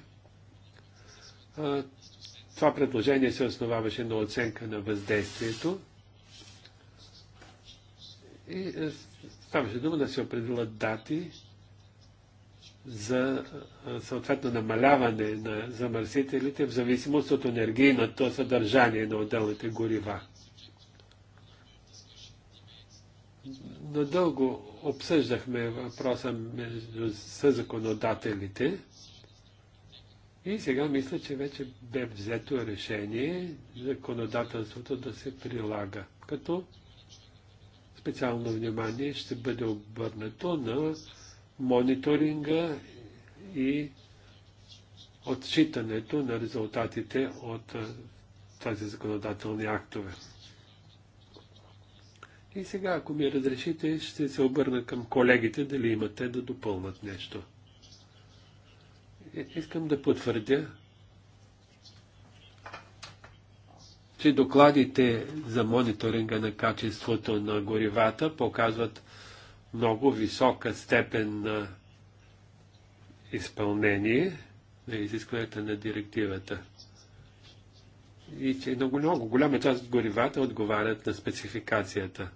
това предложение се основаваше на оценка на въздействието и ставаше дума да се определят дати, за съответно намаляване на замърсителите в зависимост от енергийното съдържание на отделните горива. Надълго обсъждахме въпроса между съзаконодателите и сега мисля, че вече бе взето решение законодателството да се прилага, като специално внимание ще бъде обърнато на мониторинга и отчитането на резултатите от тази законодателни актове. И сега, ако ми разрешите, ще се обърна към колегите, дали имате да допълнат нещо. Искам да потвърдя, че докладите за мониторинга на качеството на горивата показват много висока степен на изпълнение на изискванията на директивата. И че много, много голяма част от горивата отговарят на спецификацията,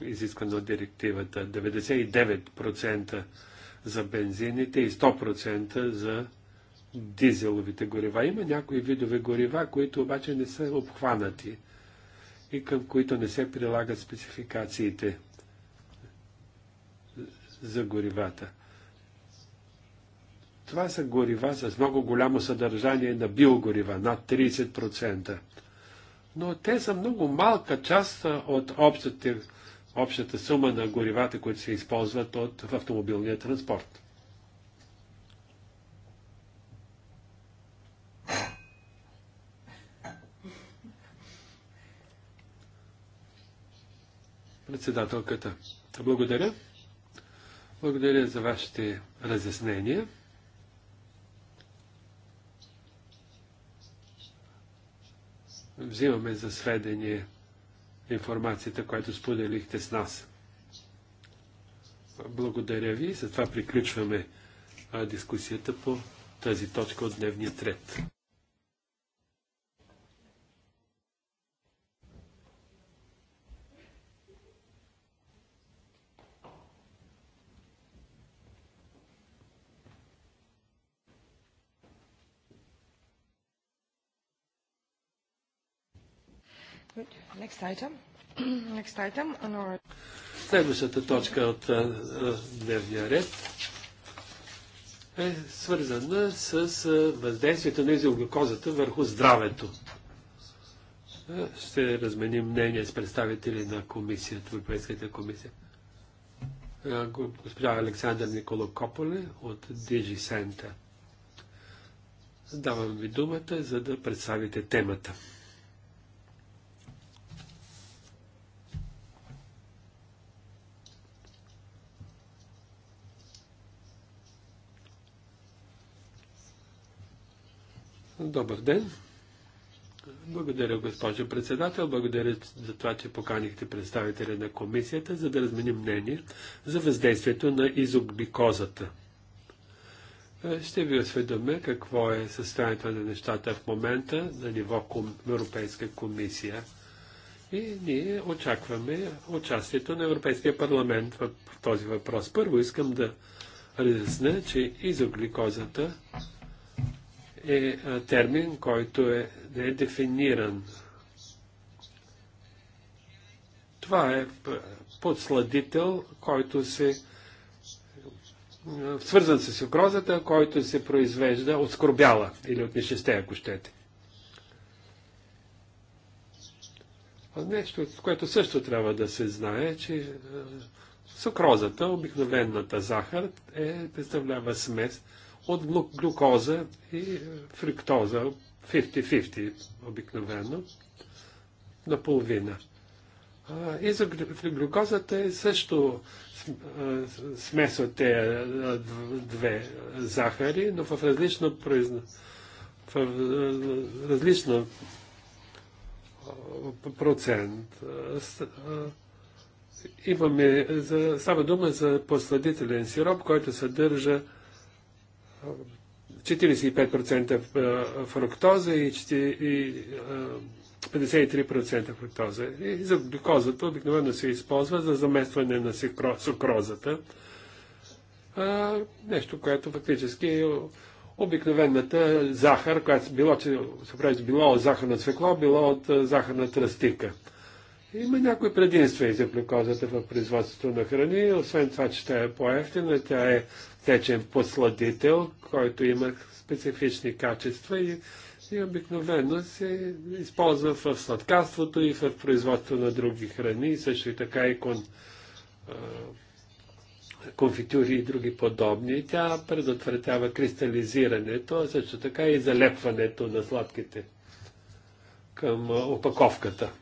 изисквана от директивата. 99% за бензините и 100% за дизеловите горива. Има някои видове горива, които обаче не са обхванати и към които не се прилагат спецификациите за горивата. Това са горива с много голямо съдържание на биогорива, над 30%. Но те са много малка част от общата, общата сума на горивата, които се използват от, в автомобилния транспорт. Председателката. Благодаря. Благодаря за вашите разяснения. Взимаме за сведение информацията, която споделихте с нас. Благодаря ви. за това приключваме дискусията по тази точка от дневния ред. Next item. Next item our... Следващата точка от дневния ред е свързана с въздействието на изоглюкозата върху здравето. Ще разменим мнение с представители на комисията, Европейската комисия. Госпожа Александър Николокополе от Center. Давам ви думата, за да представите темата. Добър ден. Благодаря, госпожо председател. Благодаря за това, че поканихте представителя на комисията, за да разменим мнение за въздействието на изобикозата. Е, ще ви осведомя какво е състоянието на нещата в момента на ниво Европейска комисия. И ние очакваме участието на Европейския парламент в този въпрос. Първо искам да разясня, че изогликозата е, е термин, който е, не е дефиниран. Това е, е подсладител, който се е, свързан с сукрозата, който се произвежда от скорбяла или от нещесте, ако щете. Нещо, което също трябва да се знае, че сукрозата, обикновената захар, е, представлява смес от глюкоза и е, фриктоза 50-50 обикновено, наполовина. И за глюкозата е също смесвате две захари, но в различно в различно процент. Имаме, за, става дума за посладителен сироп, който съдържа 45% фруктоза и 53% фруктоза. И за глюкозата обикновено се използва за заместване на сукрозата. Нещо, което фактически е обикновената захар, която било, че се прави било от захарна свекло, било от захарна тръстика. Има някои предимства и за глюкозата в производството на храни, освен това, че тя е по-ефтина, тя е течен посладител, който има специфични качества и, и обикновено се използва в сладкарството и в производство на други храни, също и така и кон, а, конфитюри и други подобни. Тя предотвратява кристализирането, а също така и залепването на сладките към опаковката.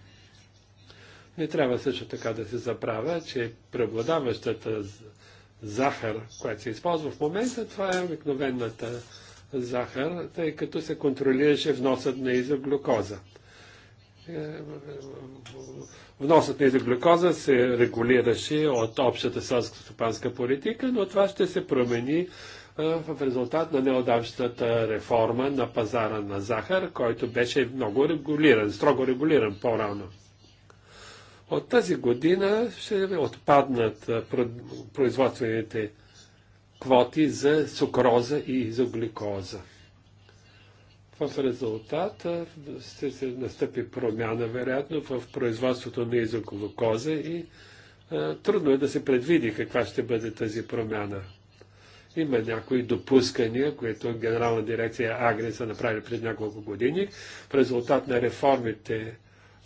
Не трябва също така да се забравя, че преобладаващата захар, която се използва в момента, това е обикновената захар, тъй като се контролираше вносът на изоглюкоза. Е, вносът на изоглюкоза се регулираше от общата селско-стопанска политика, но това ще се промени е, в резултат на неодавщата реформа на пазара на захар, който беше много регулиран, строго регулиран по-рано. От тази година ще отпаднат производствените квоти за сукроза и за гликоза. В резултат ще се настъпи промяна, вероятно, в производството на изоглукоза и трудно е да се предвиди каква ще бъде тази промяна. Има някои допускания, които Генерална дирекция Агри са направили през няколко години. В резултат на реформите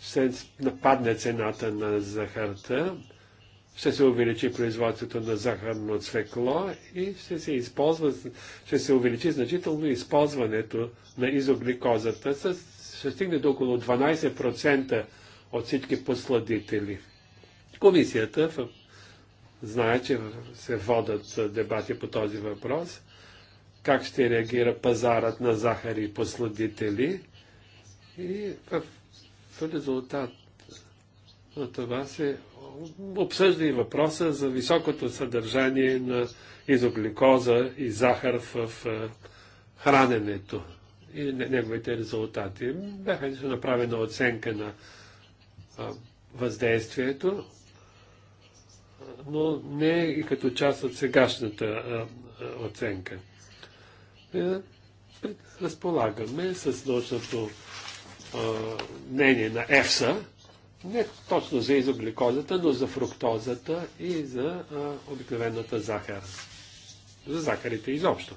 се нападне цената на захарта, ще се увеличи производството на захарно цвекло и ще се, използва, ще се увеличи значително използването на изогликозата. ще стигне до около 12% от всички посладители. Комисията в, знае, че се водат дебати по този въпрос. Как ще реагира пазарът на захари и посладители? И в в резултат на това се обсъжда и въпроса за високото съдържание на изогликоза и захар в е, храненето и неговите резултати. Бяха направена оценка на въздействието, но не и като част от сегашната оценка. Е, разполагаме с научното мнение на ЕФСА, не точно за изогликозата, но за фруктозата и за а, обикновената захар. За захарите изобщо.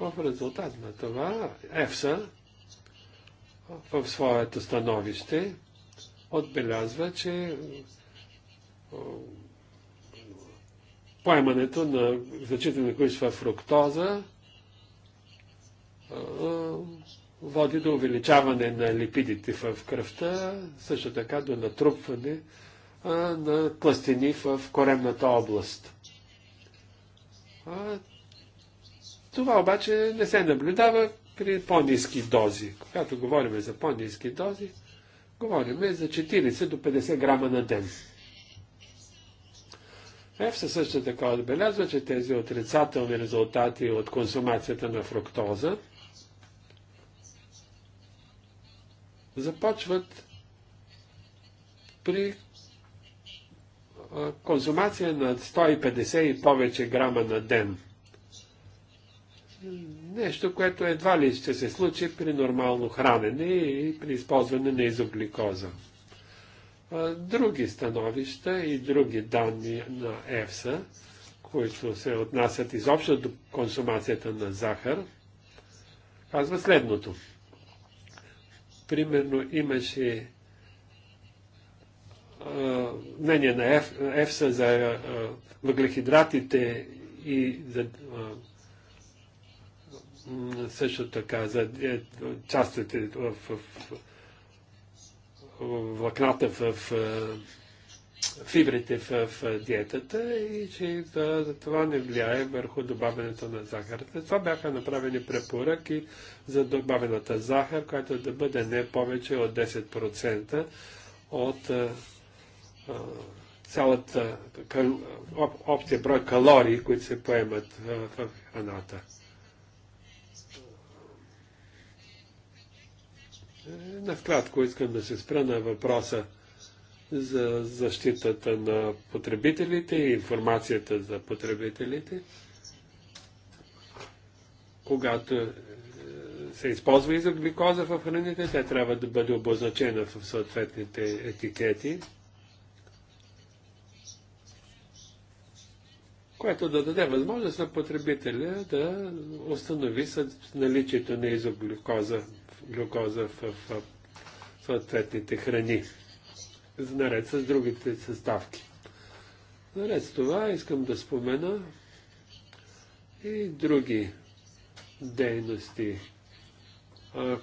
В резултат на това ЕФСА в своето становище отбелязва, че поемането на значителни количества фруктоза води до увеличаване на липидите в кръвта, също така до натрупване на пластини в коремната област. това обаче не се наблюдава при по-низки дози. Когато говорим за по-низки дози, говорим за 40 до 50 грама на ден. ЕФСА също така отбелязва, че тези отрицателни резултати от консумацията на фруктоза започват при консумация на 150 и повече грама на ден. Нещо, което едва ли ще се случи при нормално хранене и при използване на изогликоза. Други становища и други данни на ЕФСА, които се отнасят изобщо до консумацията на захар, казва следното – Примерно имаше мнение на Еф, ЕФСА за а, въглехидратите и за, а, също така за е, частите в, в, в, в влакната в, в фибрите в, в диетата и че да, това не влияе върху добавянето на захарта. Това бяха направени препоръки за добавената захар, която да бъде не повече от 10% от а, а, цялата об, общия брой калории, които се поемат а, в храната. Е, Накратко искам да се спра на въпроса за защитата на потребителите и информацията за потребителите, когато е, се използва гликоза в храните, тя трябва да бъде обозначена в съответните етикети, което да даде възможност на потребителя да установи наличието на изоглюкоза глюкоза в съответните храни наред с другите съставки. Наред с това искам да спомена и други дейности,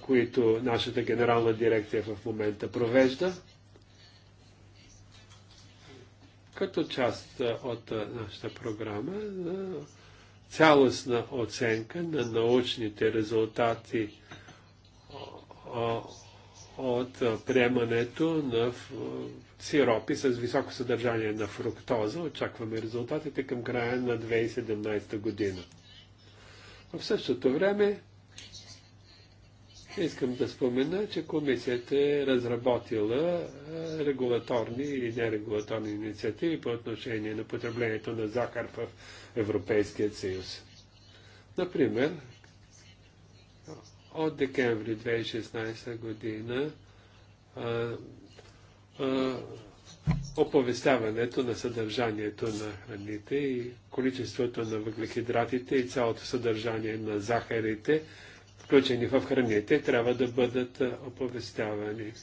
които нашата генерална дирекция в момента провежда, като част от нашата програма за цялостна оценка на научните резултати от приемането на сиропи с високо съдържание на фруктоза. Очакваме резултатите към края на 2017 година. В същото време искам да спомена, че комисията е разработила регулаторни и нерегулаторни инициативи по отношение на потреблението на захар в Европейския съюз. Например, от декември 2016 година а, а, оповестяването на съдържанието на храните и количеството на въглехидратите и цялото съдържание на захарите, включени в храните, трябва да бъдат оповестявани.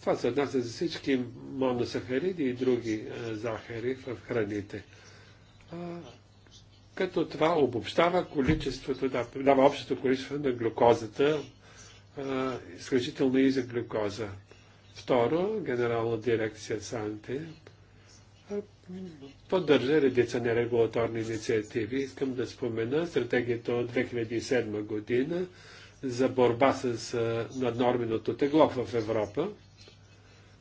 Това се отнася за всички моносахариди и други а, захари в храните като това обобщава количеството, да, дава общото количество на глюкозата, изключително и за глюкоза. Второ, генерална дирекция Санте поддържа редица нерегулаторни инициативи. Искам да спомена стратегията от 2007 година за борба с наднорменото тегло в Европа.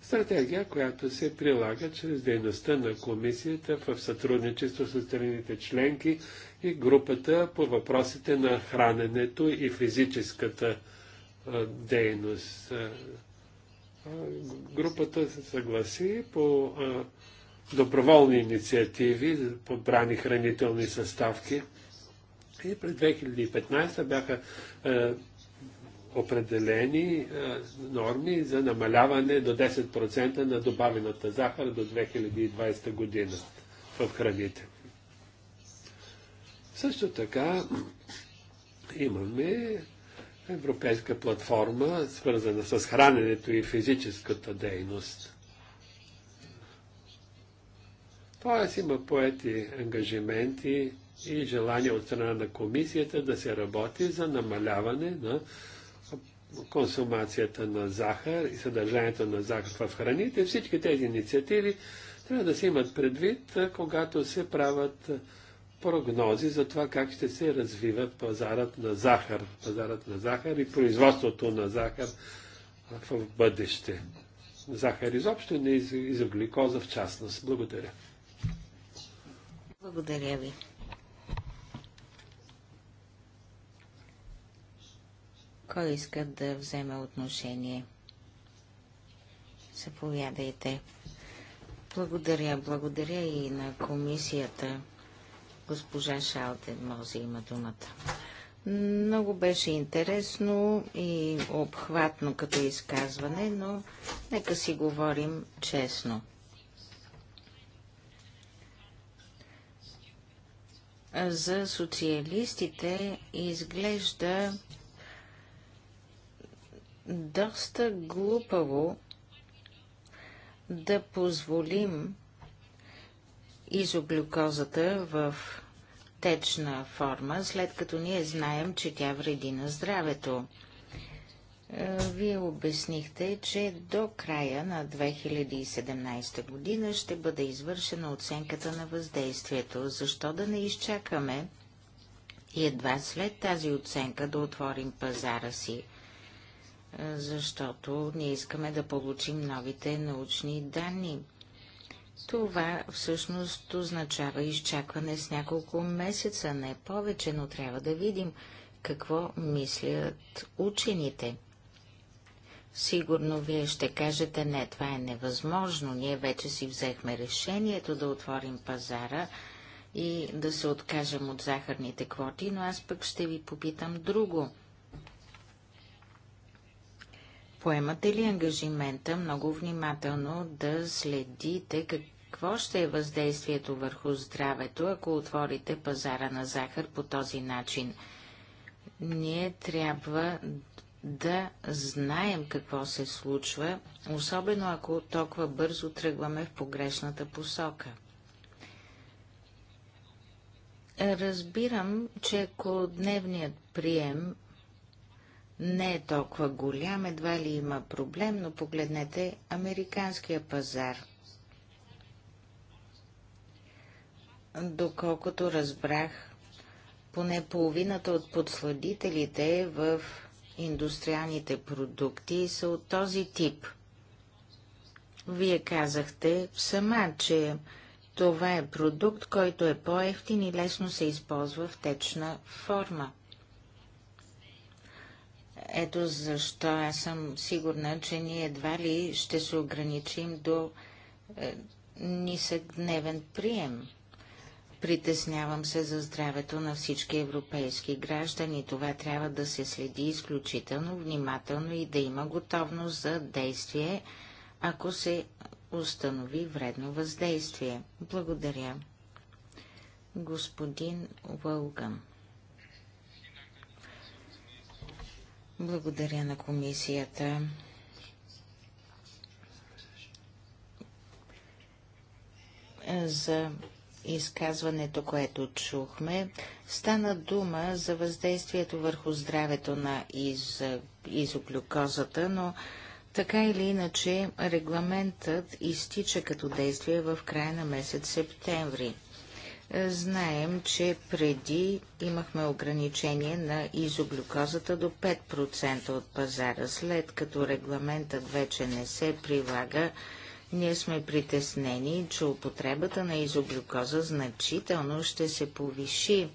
Стратегия, която се прилага чрез дейността на комисията в сътрудничество с страните членки и групата по въпросите на храненето и физическата дейност. групата се съгласи по доброволни инициативи за подбрани хранителни съставки. И през 2015 бяха определени е, норми за намаляване до 10% на добавената захар до 2020 година в храните. Също така имаме европейска платформа, свързана с храненето и физическата дейност. Тоест има поети ангажименти и желание от страна на комисията да се работи за намаляване на консумацията на захар и съдържанието на захар в храните. Всички тези инициативи трябва да се имат предвид, когато се правят прогнози за това как ще се развива пазарът на захар, пазарът на захар и производството на захар в бъдеще. Захар изобщо не изогликоза в частност. Благодаря. Благодаря ви. Кой иска да вземе отношение? Заповядайте. Благодаря, благодаря и на комисията. Госпожа Шалтен може има думата. Много беше интересно и обхватно като изказване, но нека си говорим честно. За социалистите изглежда доста глупаво да позволим изоглюкозата в течна форма, след като ние знаем, че тя вреди на здравето. Е, вие обяснихте, че до края на 2017 година ще бъде извършена оценката на въздействието. Защо да не изчакаме и едва след тази оценка да отворим пазара си? защото ние искаме да получим новите научни данни. Това всъщност означава изчакване с няколко месеца, не повече, но трябва да видим какво мислят учените. Сигурно вие ще кажете, не, това е невъзможно, ние вече си взехме решението да отворим пазара и да се откажем от захарните квоти, но аз пък ще ви попитам друго. Поемате ли ангажимента много внимателно да следите какво ще е въздействието върху здравето, ако отворите пазара на захар по този начин? Ние трябва да знаем какво се случва, особено ако толкова бързо тръгваме в погрешната посока. Разбирам, че ако дневният прием не е толкова голям, едва ли има проблем, но погледнете американския пазар. Доколкото разбрах, поне половината от подсладителите в индустриалните продукти са от този тип. Вие казахте сама, че това е продукт, който е по-ефтин и лесно се използва в течна форма. Ето защо аз съм сигурна, че ние едва ли ще се ограничим до е, нисък дневен прием. Притеснявам се за здравето на всички европейски граждани. Това трябва да се следи изключително внимателно и да има готовност за действие, ако се установи вредно въздействие. Благодаря. Господин Вълган. Благодаря на комисията. За изказването, което чухме, стана дума за въздействието върху здравето на из, изоглюкозата, но така или иначе регламентът изтича като действие в края на месец септември. Знаем, че преди имахме ограничение на изоглюкозата до 5% от пазара. След като регламентът вече не се прилага, ние сме притеснени, че употребата на изоглюкоза значително ще се повиши.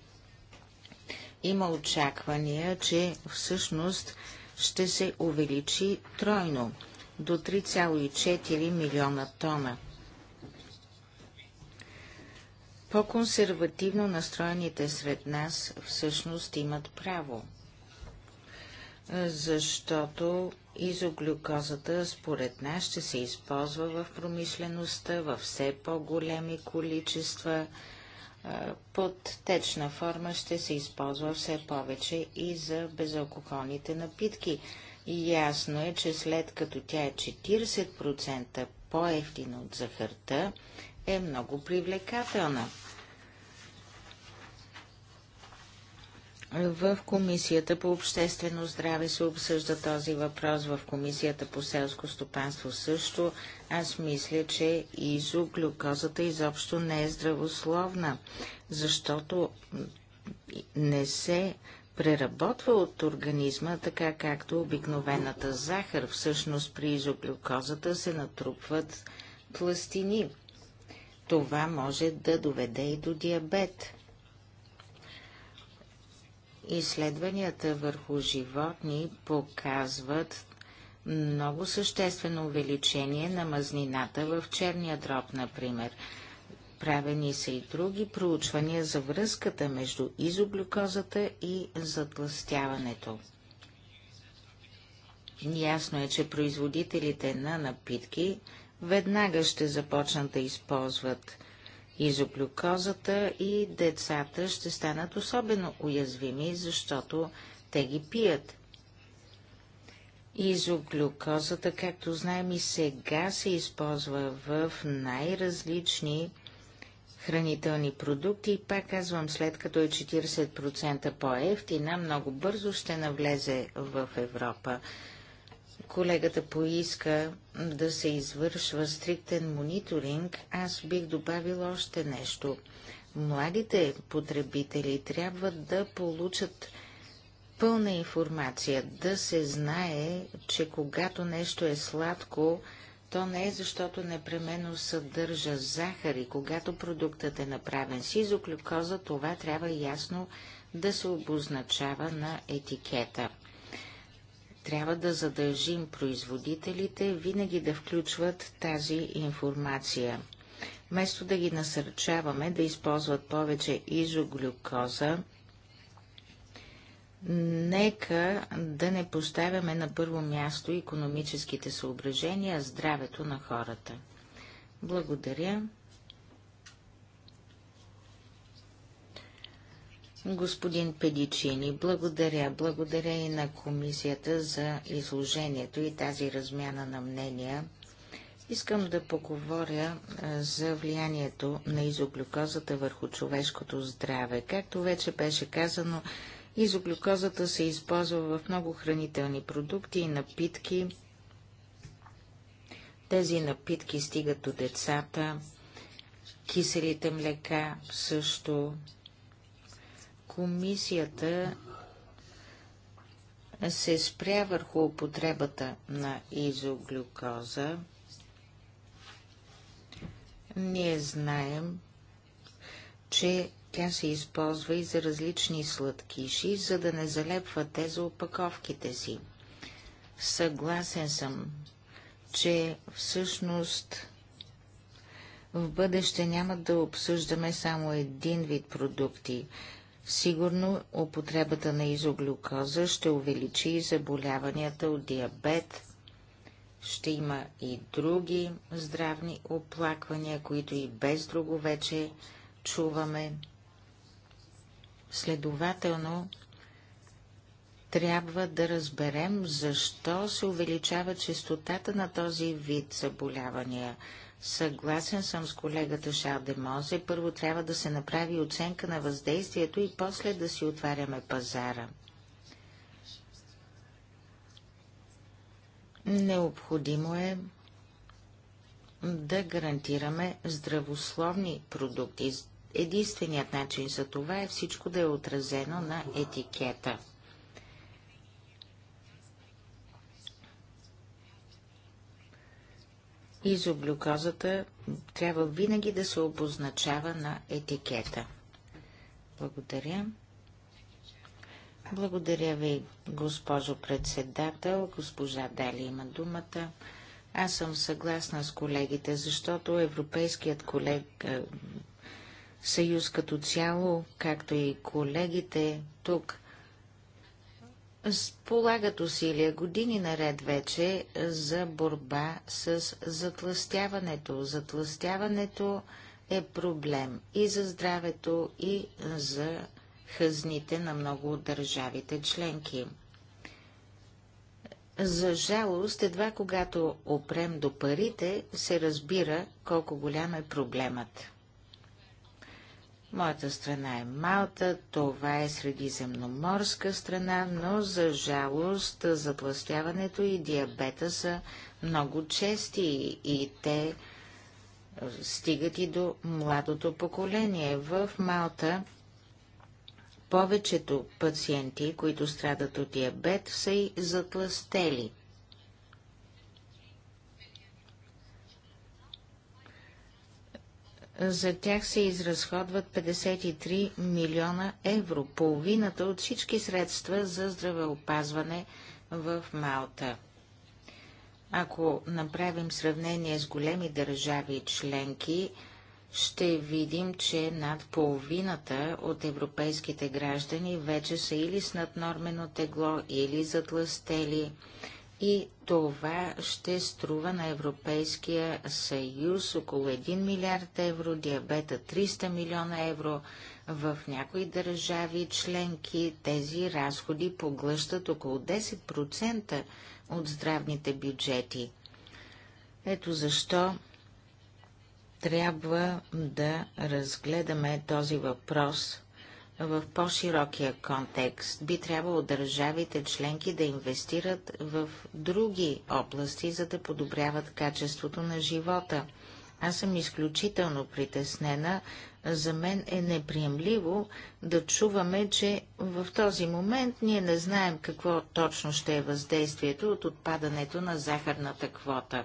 Има очаквания, че всъщност ще се увеличи тройно до 3,4 милиона тона. по-консервативно настроените сред нас всъщност имат право, защото изоглюкозата според нас ще се използва в промишлеността в все по-големи количества, под течна форма ще се използва все повече и за безалкохолните напитки. Ясно е, че след като тя е 40% по-ефтина от захарта, е много привлекателна. В Комисията по обществено здраве се обсъжда този въпрос, в Комисията по селско стопанство също. Аз мисля, че изоглюкозата изобщо не е здравословна, защото не се преработва от организма, така както обикновената захар. Всъщност при изоглюкозата се натрупват пластини. Това може да доведе и до диабет. Изследванията върху животни показват много съществено увеличение на мазнината в черния дроб, например. Правени са и други проучвания за връзката между изоглюкозата и затластяването. Ясно е, че производителите на напитки веднага ще започнат да използват изоглюкозата и децата ще станат особено уязвими, защото те ги пият. Изоглюкозата, както знаем и сега, се използва в най-различни хранителни продукти и пак казвам, след като е 40% по-ефтина, много бързо ще навлезе в Европа колегата поиска да се извършва стриктен мониторинг, аз бих добавил още нещо. Младите потребители трябва да получат пълна информация, да се знае, че когато нещо е сладко, то не е защото непременно съдържа захар и когато продуктът е направен с изоклюкоза, това трябва ясно да се обозначава на етикета. Трябва да задължим производителите винаги да включват тази информация. Вместо да ги насърчаваме да използват повече изоглюкоза, нека да не поставяме на първо място економическите съображения, а здравето на хората. Благодаря. Господин Педичини, благодаря. Благодаря и на комисията за изложението и тази размяна на мнения. Искам да поговоря за влиянието на изоглюкозата върху човешкото здраве. Както вече беше казано, изоглюкозата се използва в много хранителни продукти и напитки. Тези напитки стигат до децата, киселите млека също Комисията се спря върху употребата на изоглюкоза. Ние знаем, че тя се използва и за различни сладкиши, за да не залепва те за опаковките си. Съгласен съм, че всъщност в бъдеще няма да обсъждаме само един вид продукти. Сигурно употребата на изоглюкоза ще увеличи заболяванията от диабет, ще има и други здравни оплаквания, които и без друго вече чуваме. Следователно, трябва да разберем защо се увеличава частотата на този вид заболявания. Съгласен съм с колегата де Мозе. Първо трябва да се направи оценка на въздействието и после да си отваряме пазара. Необходимо е да гарантираме здравословни продукти. Единственият начин за това е всичко да е отразено на етикета. изоглюкозата трябва винаги да се обозначава на етикета. Благодаря. Благодаря ви, госпожо председател. Госпожа Дали има думата. Аз съм съгласна с колегите, защото Европейският колег, е, съюз като цяло, както и колегите тук, полагат усилия години наред вече за борба с затластяването. Затластяването е проблем и за здравето, и за хъзните на много от държавите членки. За жалост, едва когато опрем до парите, се разбира колко голям е проблемът. Моята страна е Малта, това е средиземноморска страна, но за жалост затластяването и диабета са много чести и те е, стигат и до младото поколение. В Малта повечето пациенти, които страдат от диабет, са и затластели – За тях се изразходват 53 милиона евро, половината от всички средства за здравеопазване в Малта. Ако направим сравнение с големи държави членки, ще видим, че над половината от европейските граждани вече са или с наднормено тегло, или затластели и това ще струва на Европейския съюз около 1 милиард евро, диабета 300 милиона евро. В някои държави членки тези разходи поглъщат около 10% от здравните бюджети. Ето защо трябва да разгледаме този въпрос в по-широкия контекст. Би трябвало държавите членки да инвестират в други области, за да подобряват качеството на живота. Аз съм изключително притеснена. За мен е неприемливо да чуваме, че в този момент ние не знаем какво точно ще е въздействието от отпадането на захарната квота.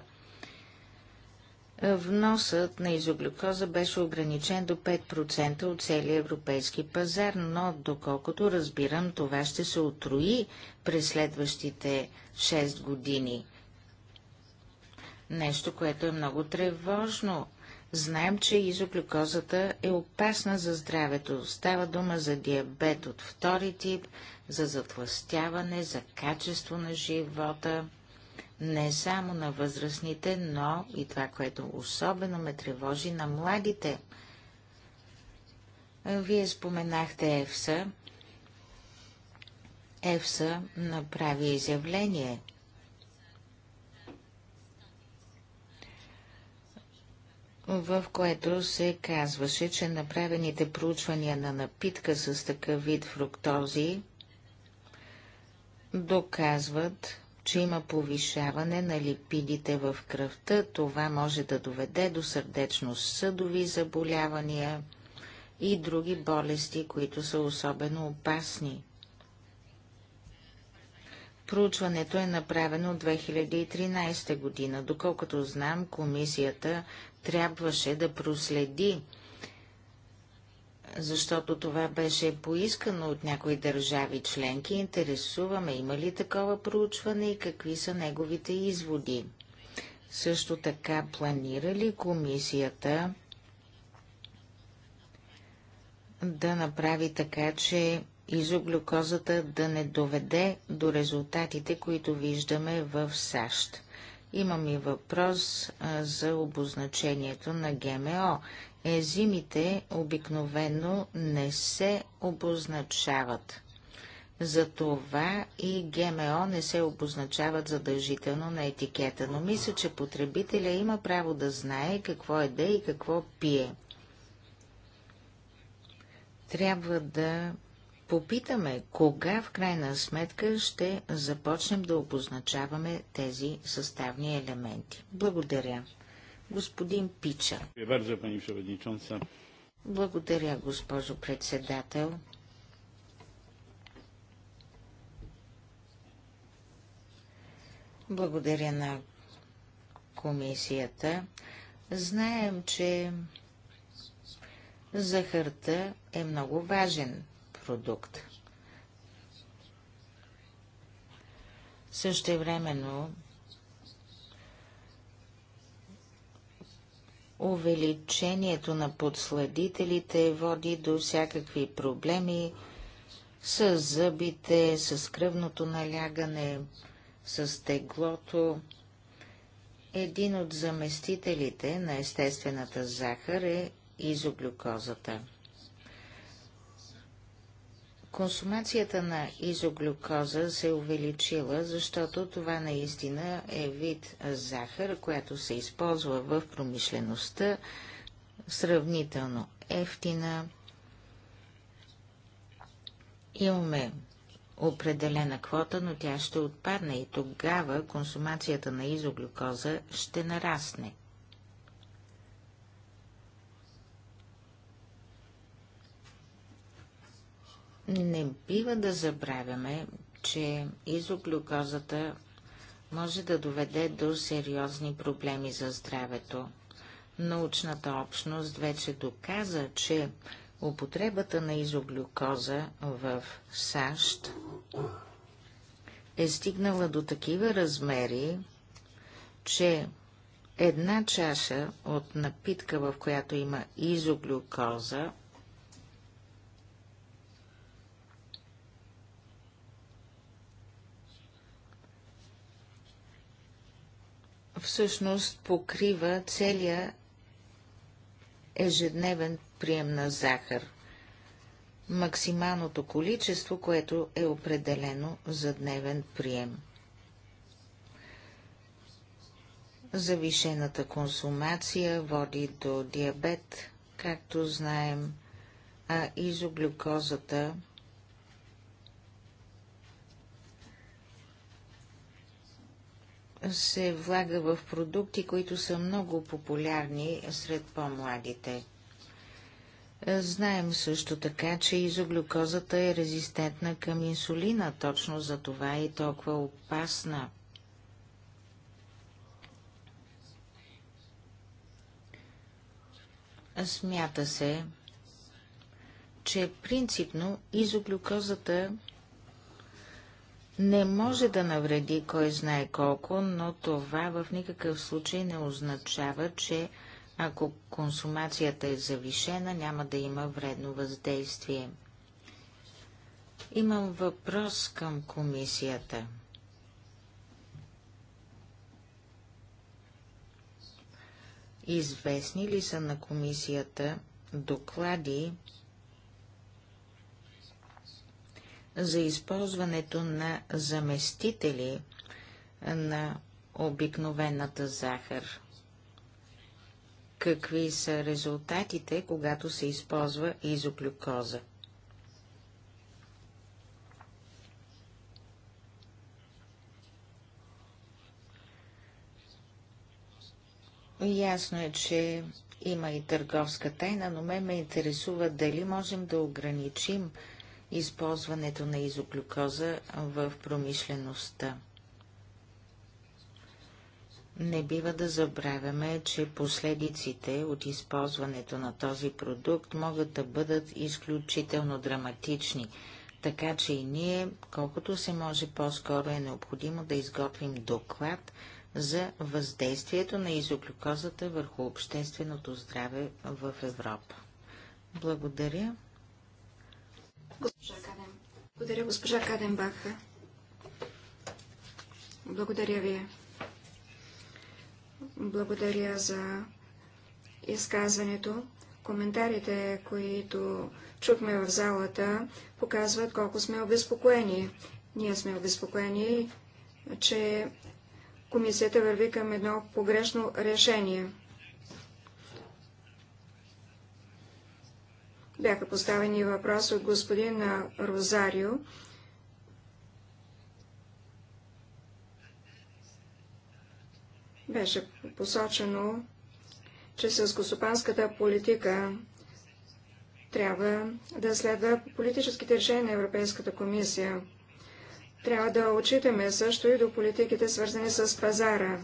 Вносът на изоглюкоза беше ограничен до 5% от целия европейски пазар, но доколкото разбирам, това ще се отруи през следващите 6 години. Нещо, което е много тревожно. Знаем, че изоглюкозата е опасна за здравето. Става дума за диабет от втори тип, за затластяване, за качество на живота – не само на възрастните, но и това, което особено ме тревожи на младите. Вие споменахте ЕФСА. ЕФСА направи изявление. в което се казваше, че направените проучвания на напитка с такъв вид фруктози доказват, че има повишаване на липидите в кръвта. Това може да доведе до сърдечно-съдови заболявания и други болести, които са особено опасни. Проучването е направено от 2013 година. Доколкото знам, комисията трябваше да проследи защото това беше поискано от някои държави членки. Интересуваме има ли такова проучване и какви са неговите изводи. Също така планира ли комисията да направи така, че изоглюкозата да не доведе до резултатите, които виждаме в САЩ. Имам и въпрос а, за обозначението на ГМО езимите обикновено не се обозначават. Затова и ГМО не се обозначават задължително на етикета, но мисля, че потребителя има право да знае какво еде и какво пие. Трябва да попитаме, кога в крайна сметка ще започнем да обозначаваме тези съставни елементи. Благодаря господин Пича. Благодаря, госпожо председател. Благодаря на комисията. Знаем, че захарта е много важен продукт. Същевременно увеличението на подсладителите води до всякакви проблеми с зъбите, с кръвното налягане, с теглото. Един от заместителите на естествената захар е изоглюкозата. Консумацията на изоглюкоза се е увеличила, защото това наистина е вид захар, която се използва в промишлеността, сравнително ефтина. Имаме определена квота, но тя ще отпадне и тогава консумацията на изоглюкоза ще нарасне. Не бива да забравяме, че изоглюкозата може да доведе до сериозни проблеми за здравето. Научната общност вече доказа, че употребата на изоглюкоза в САЩ е стигнала до такива размери, че една чаша от напитка, в която има изоглюкоза, всъщност покрива целия ежедневен прием на захар. Максималното количество, което е определено за дневен прием. Завишената консумация води до диабет, както знаем, а изоглюкозата – се влага в продукти, които са много популярни сред по-младите. Е, знаем също така, че изоглюкозата е резистентна към инсулина, точно за това е толкова опасна. Смята се, че принципно изоглюкозата не може да навреди кой знае колко, но това в никакъв случай не означава, че ако консумацията е завишена, няма да има вредно въздействие. Имам въпрос към комисията. Известни ли са на комисията доклади за използването на заместители на обикновената захар. Какви са резултатите, когато се използва изоглюкоза? Ясно е, че има и търговска тайна, но ме ме интересува дали можем да ограничим използването на изоглюкоза в промишлеността. Не бива да забравяме, че последиците от използването на този продукт могат да бъдат изключително драматични, така че и ние, колкото се може по-скоро е необходимо да изготвим доклад за въздействието на изоглюкозата върху общественото здраве в Европа. Благодаря. Госпожа Каден. Благодаря, госпожа Каденбах. Благодаря ви. Благодаря за изказването. Коментарите, които чухме в залата, показват колко сме обезпокоени. Ние сме обезпокоени, че комисията върви към едно погрешно решение – Бяха поставени въпроси от господин Розарио. Беше посочено, че с госопанската политика трябва да следва политическите решения на Европейската комисия. Трябва да отчитаме също и до политиките, свързани с пазара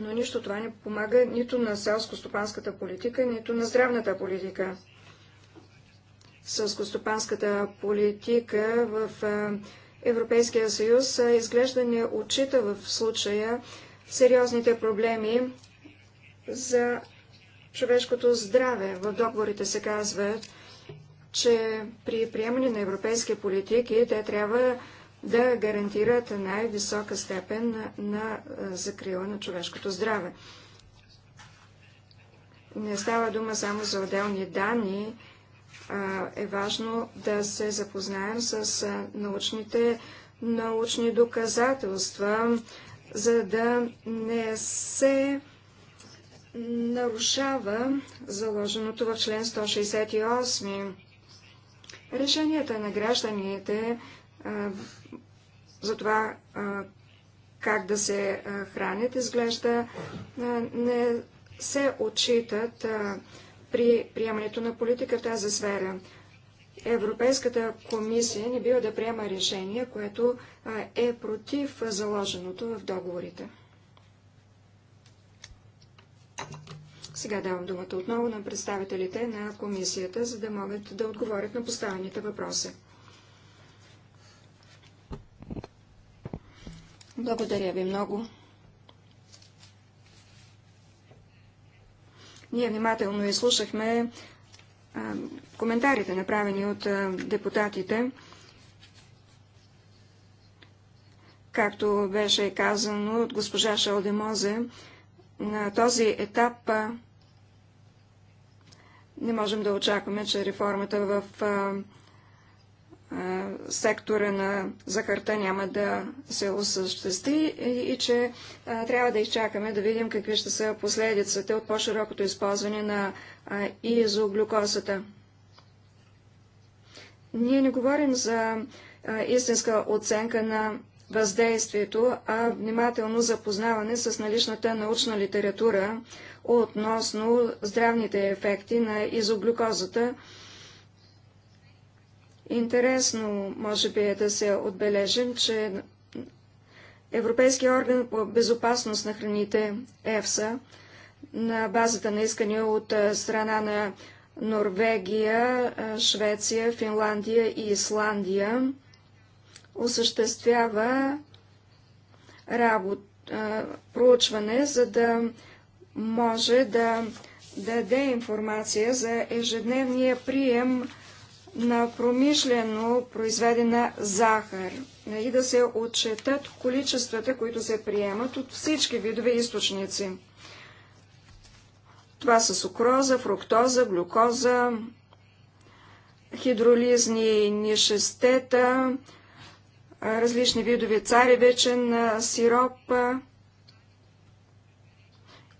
но нищо това не помага нито на селско-стопанската политика, нито на здравната политика. Селско-стопанската политика в Европейския съюз изглежда не отчита в случая сериозните проблеми за човешкото здраве. В договорите се казва, че при приемане на европейски политики те трябва да гарантират най-висока степен на, на закрила на човешкото здраве. Не става дума само за отделни данни, а, е важно да се запознаем с научните научни доказателства, за да не се нарушава заложеното в член 168. Решенията на гражданите за това как да се хранят, изглежда не се отчитат при приемането на политика в тази сфера. Европейската комисия не бива да приема решение, което е против заложеното в договорите. Сега давам думата отново на представителите на комисията, за да могат да отговорят на поставените въпроси. Благодаря ви много. Ние внимателно изслушахме а, коментарите, направени от а, депутатите. Както беше казано от госпожа Шалдемозе, на този етап а, не можем да очакваме, че реформата в а, сектора на захарта няма да се осъществи и, и че а, трябва да изчакаме да видим какви ще са последиците от по-широкото използване на а, изоглюкозата. Ние не говорим за а, истинска оценка на въздействието, а внимателно запознаване с наличната научна литература относно здравните ефекти на изоглюкозата – Интересно, може би, е да се отбележим, че Европейския орган по безопасност на храните ЕФСА на базата на искания от страна на Норвегия, Швеция, Финландия и Исландия осъществява работа, проучване, за да може да даде информация за ежедневния прием на промишлено произведена захар и да се отчетат количествата, които се приемат от всички видове източници. Това са сукроза, фруктоза, глюкоза, хидролизни нишестета, различни видове царевечен сироп,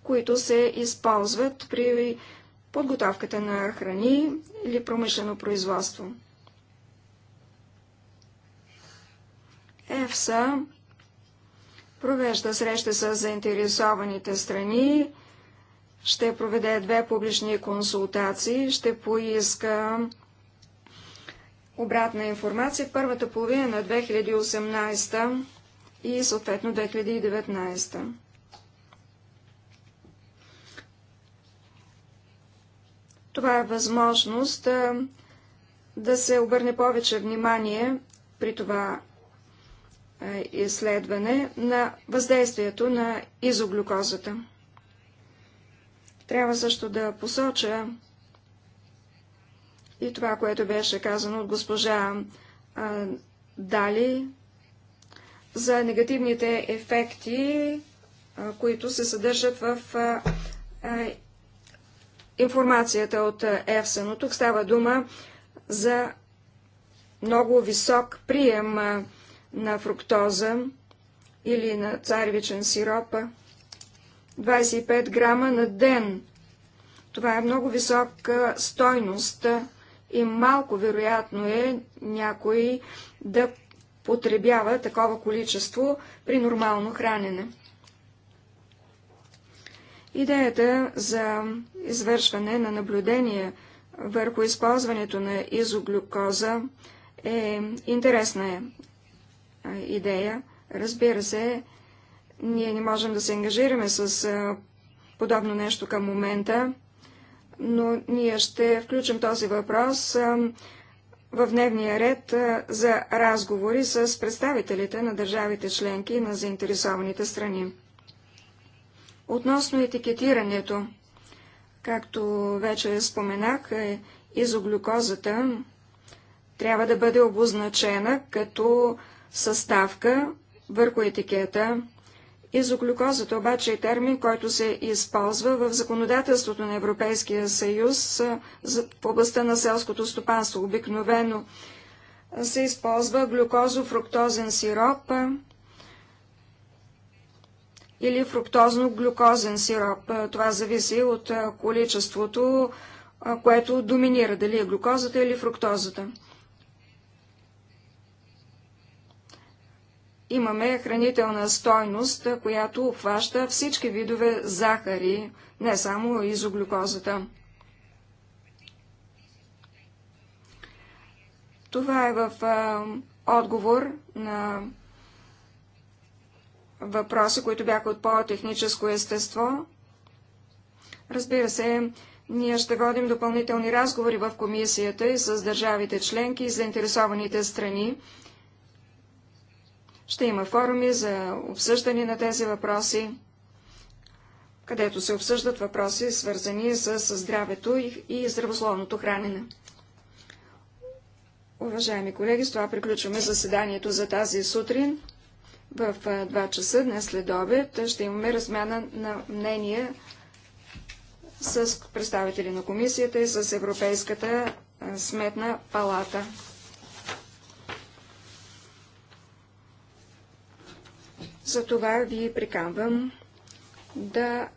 които се използват при подготовката на храни или промишлено производство. ЕФСА провежда среща с заинтересованите страни, ще проведе две публични консултации, ще поиска обратна информация в първата половина на 2018 и съответно 2019. Това е възможност да, да се обърне повече внимание при това изследване на въздействието на изоглюкозата. Трябва също да посоча и това, което беше казано от госпожа а, Дали за негативните ефекти, а, които се съдържат в а, информацията от е, ЕФСА, но тук става дума за много висок прием на фруктоза или на царевичен сироп. 25 грама на ден. Това е много висока стойност и малко вероятно е някой да потребява такова количество при нормално хранене. Идеята за извършване на наблюдение върху използването на изоглюкоза е интересна е, идея. Разбира се, ние не можем да се ангажираме с подобно нещо към момента, но ние ще включим този въпрос в дневния ред за разговори с представителите на държавите членки и на заинтересованите страни. Относно етикетирането, както вече споменах, е изоглюкозата трябва да бъде обозначена като съставка върху етикета. Изоглюкозата обаче е термин, който се използва в законодателството на Европейския съюз в областта на селското стопанство. Обикновено се използва глюкозо-фруктозен сироп, или фруктозно-глюкозен сироп. Е, това зависи от е, количеството, е, което доминира, дали е глюкозата или фруктозата. Имаме хранителна стойност, която обхваща всички видове захари, не само изоглюкозата. Това е в отговор на въпроси, които бяха от по-техническо естество. Разбира се, ние ще водим допълнителни разговори в комисията и с държавите членки и заинтересованите страни. Ще има форуми за обсъждане на тези въпроси, където се обсъждат въпроси, свързани с здравето и здравословното хранене. Уважаеми колеги, с това приключваме заседанието за тази сутрин. В 2 часа днес след обед ще имаме размяна на мнения с представители на комисията и с Европейската сметна палата. За това ви приканвам да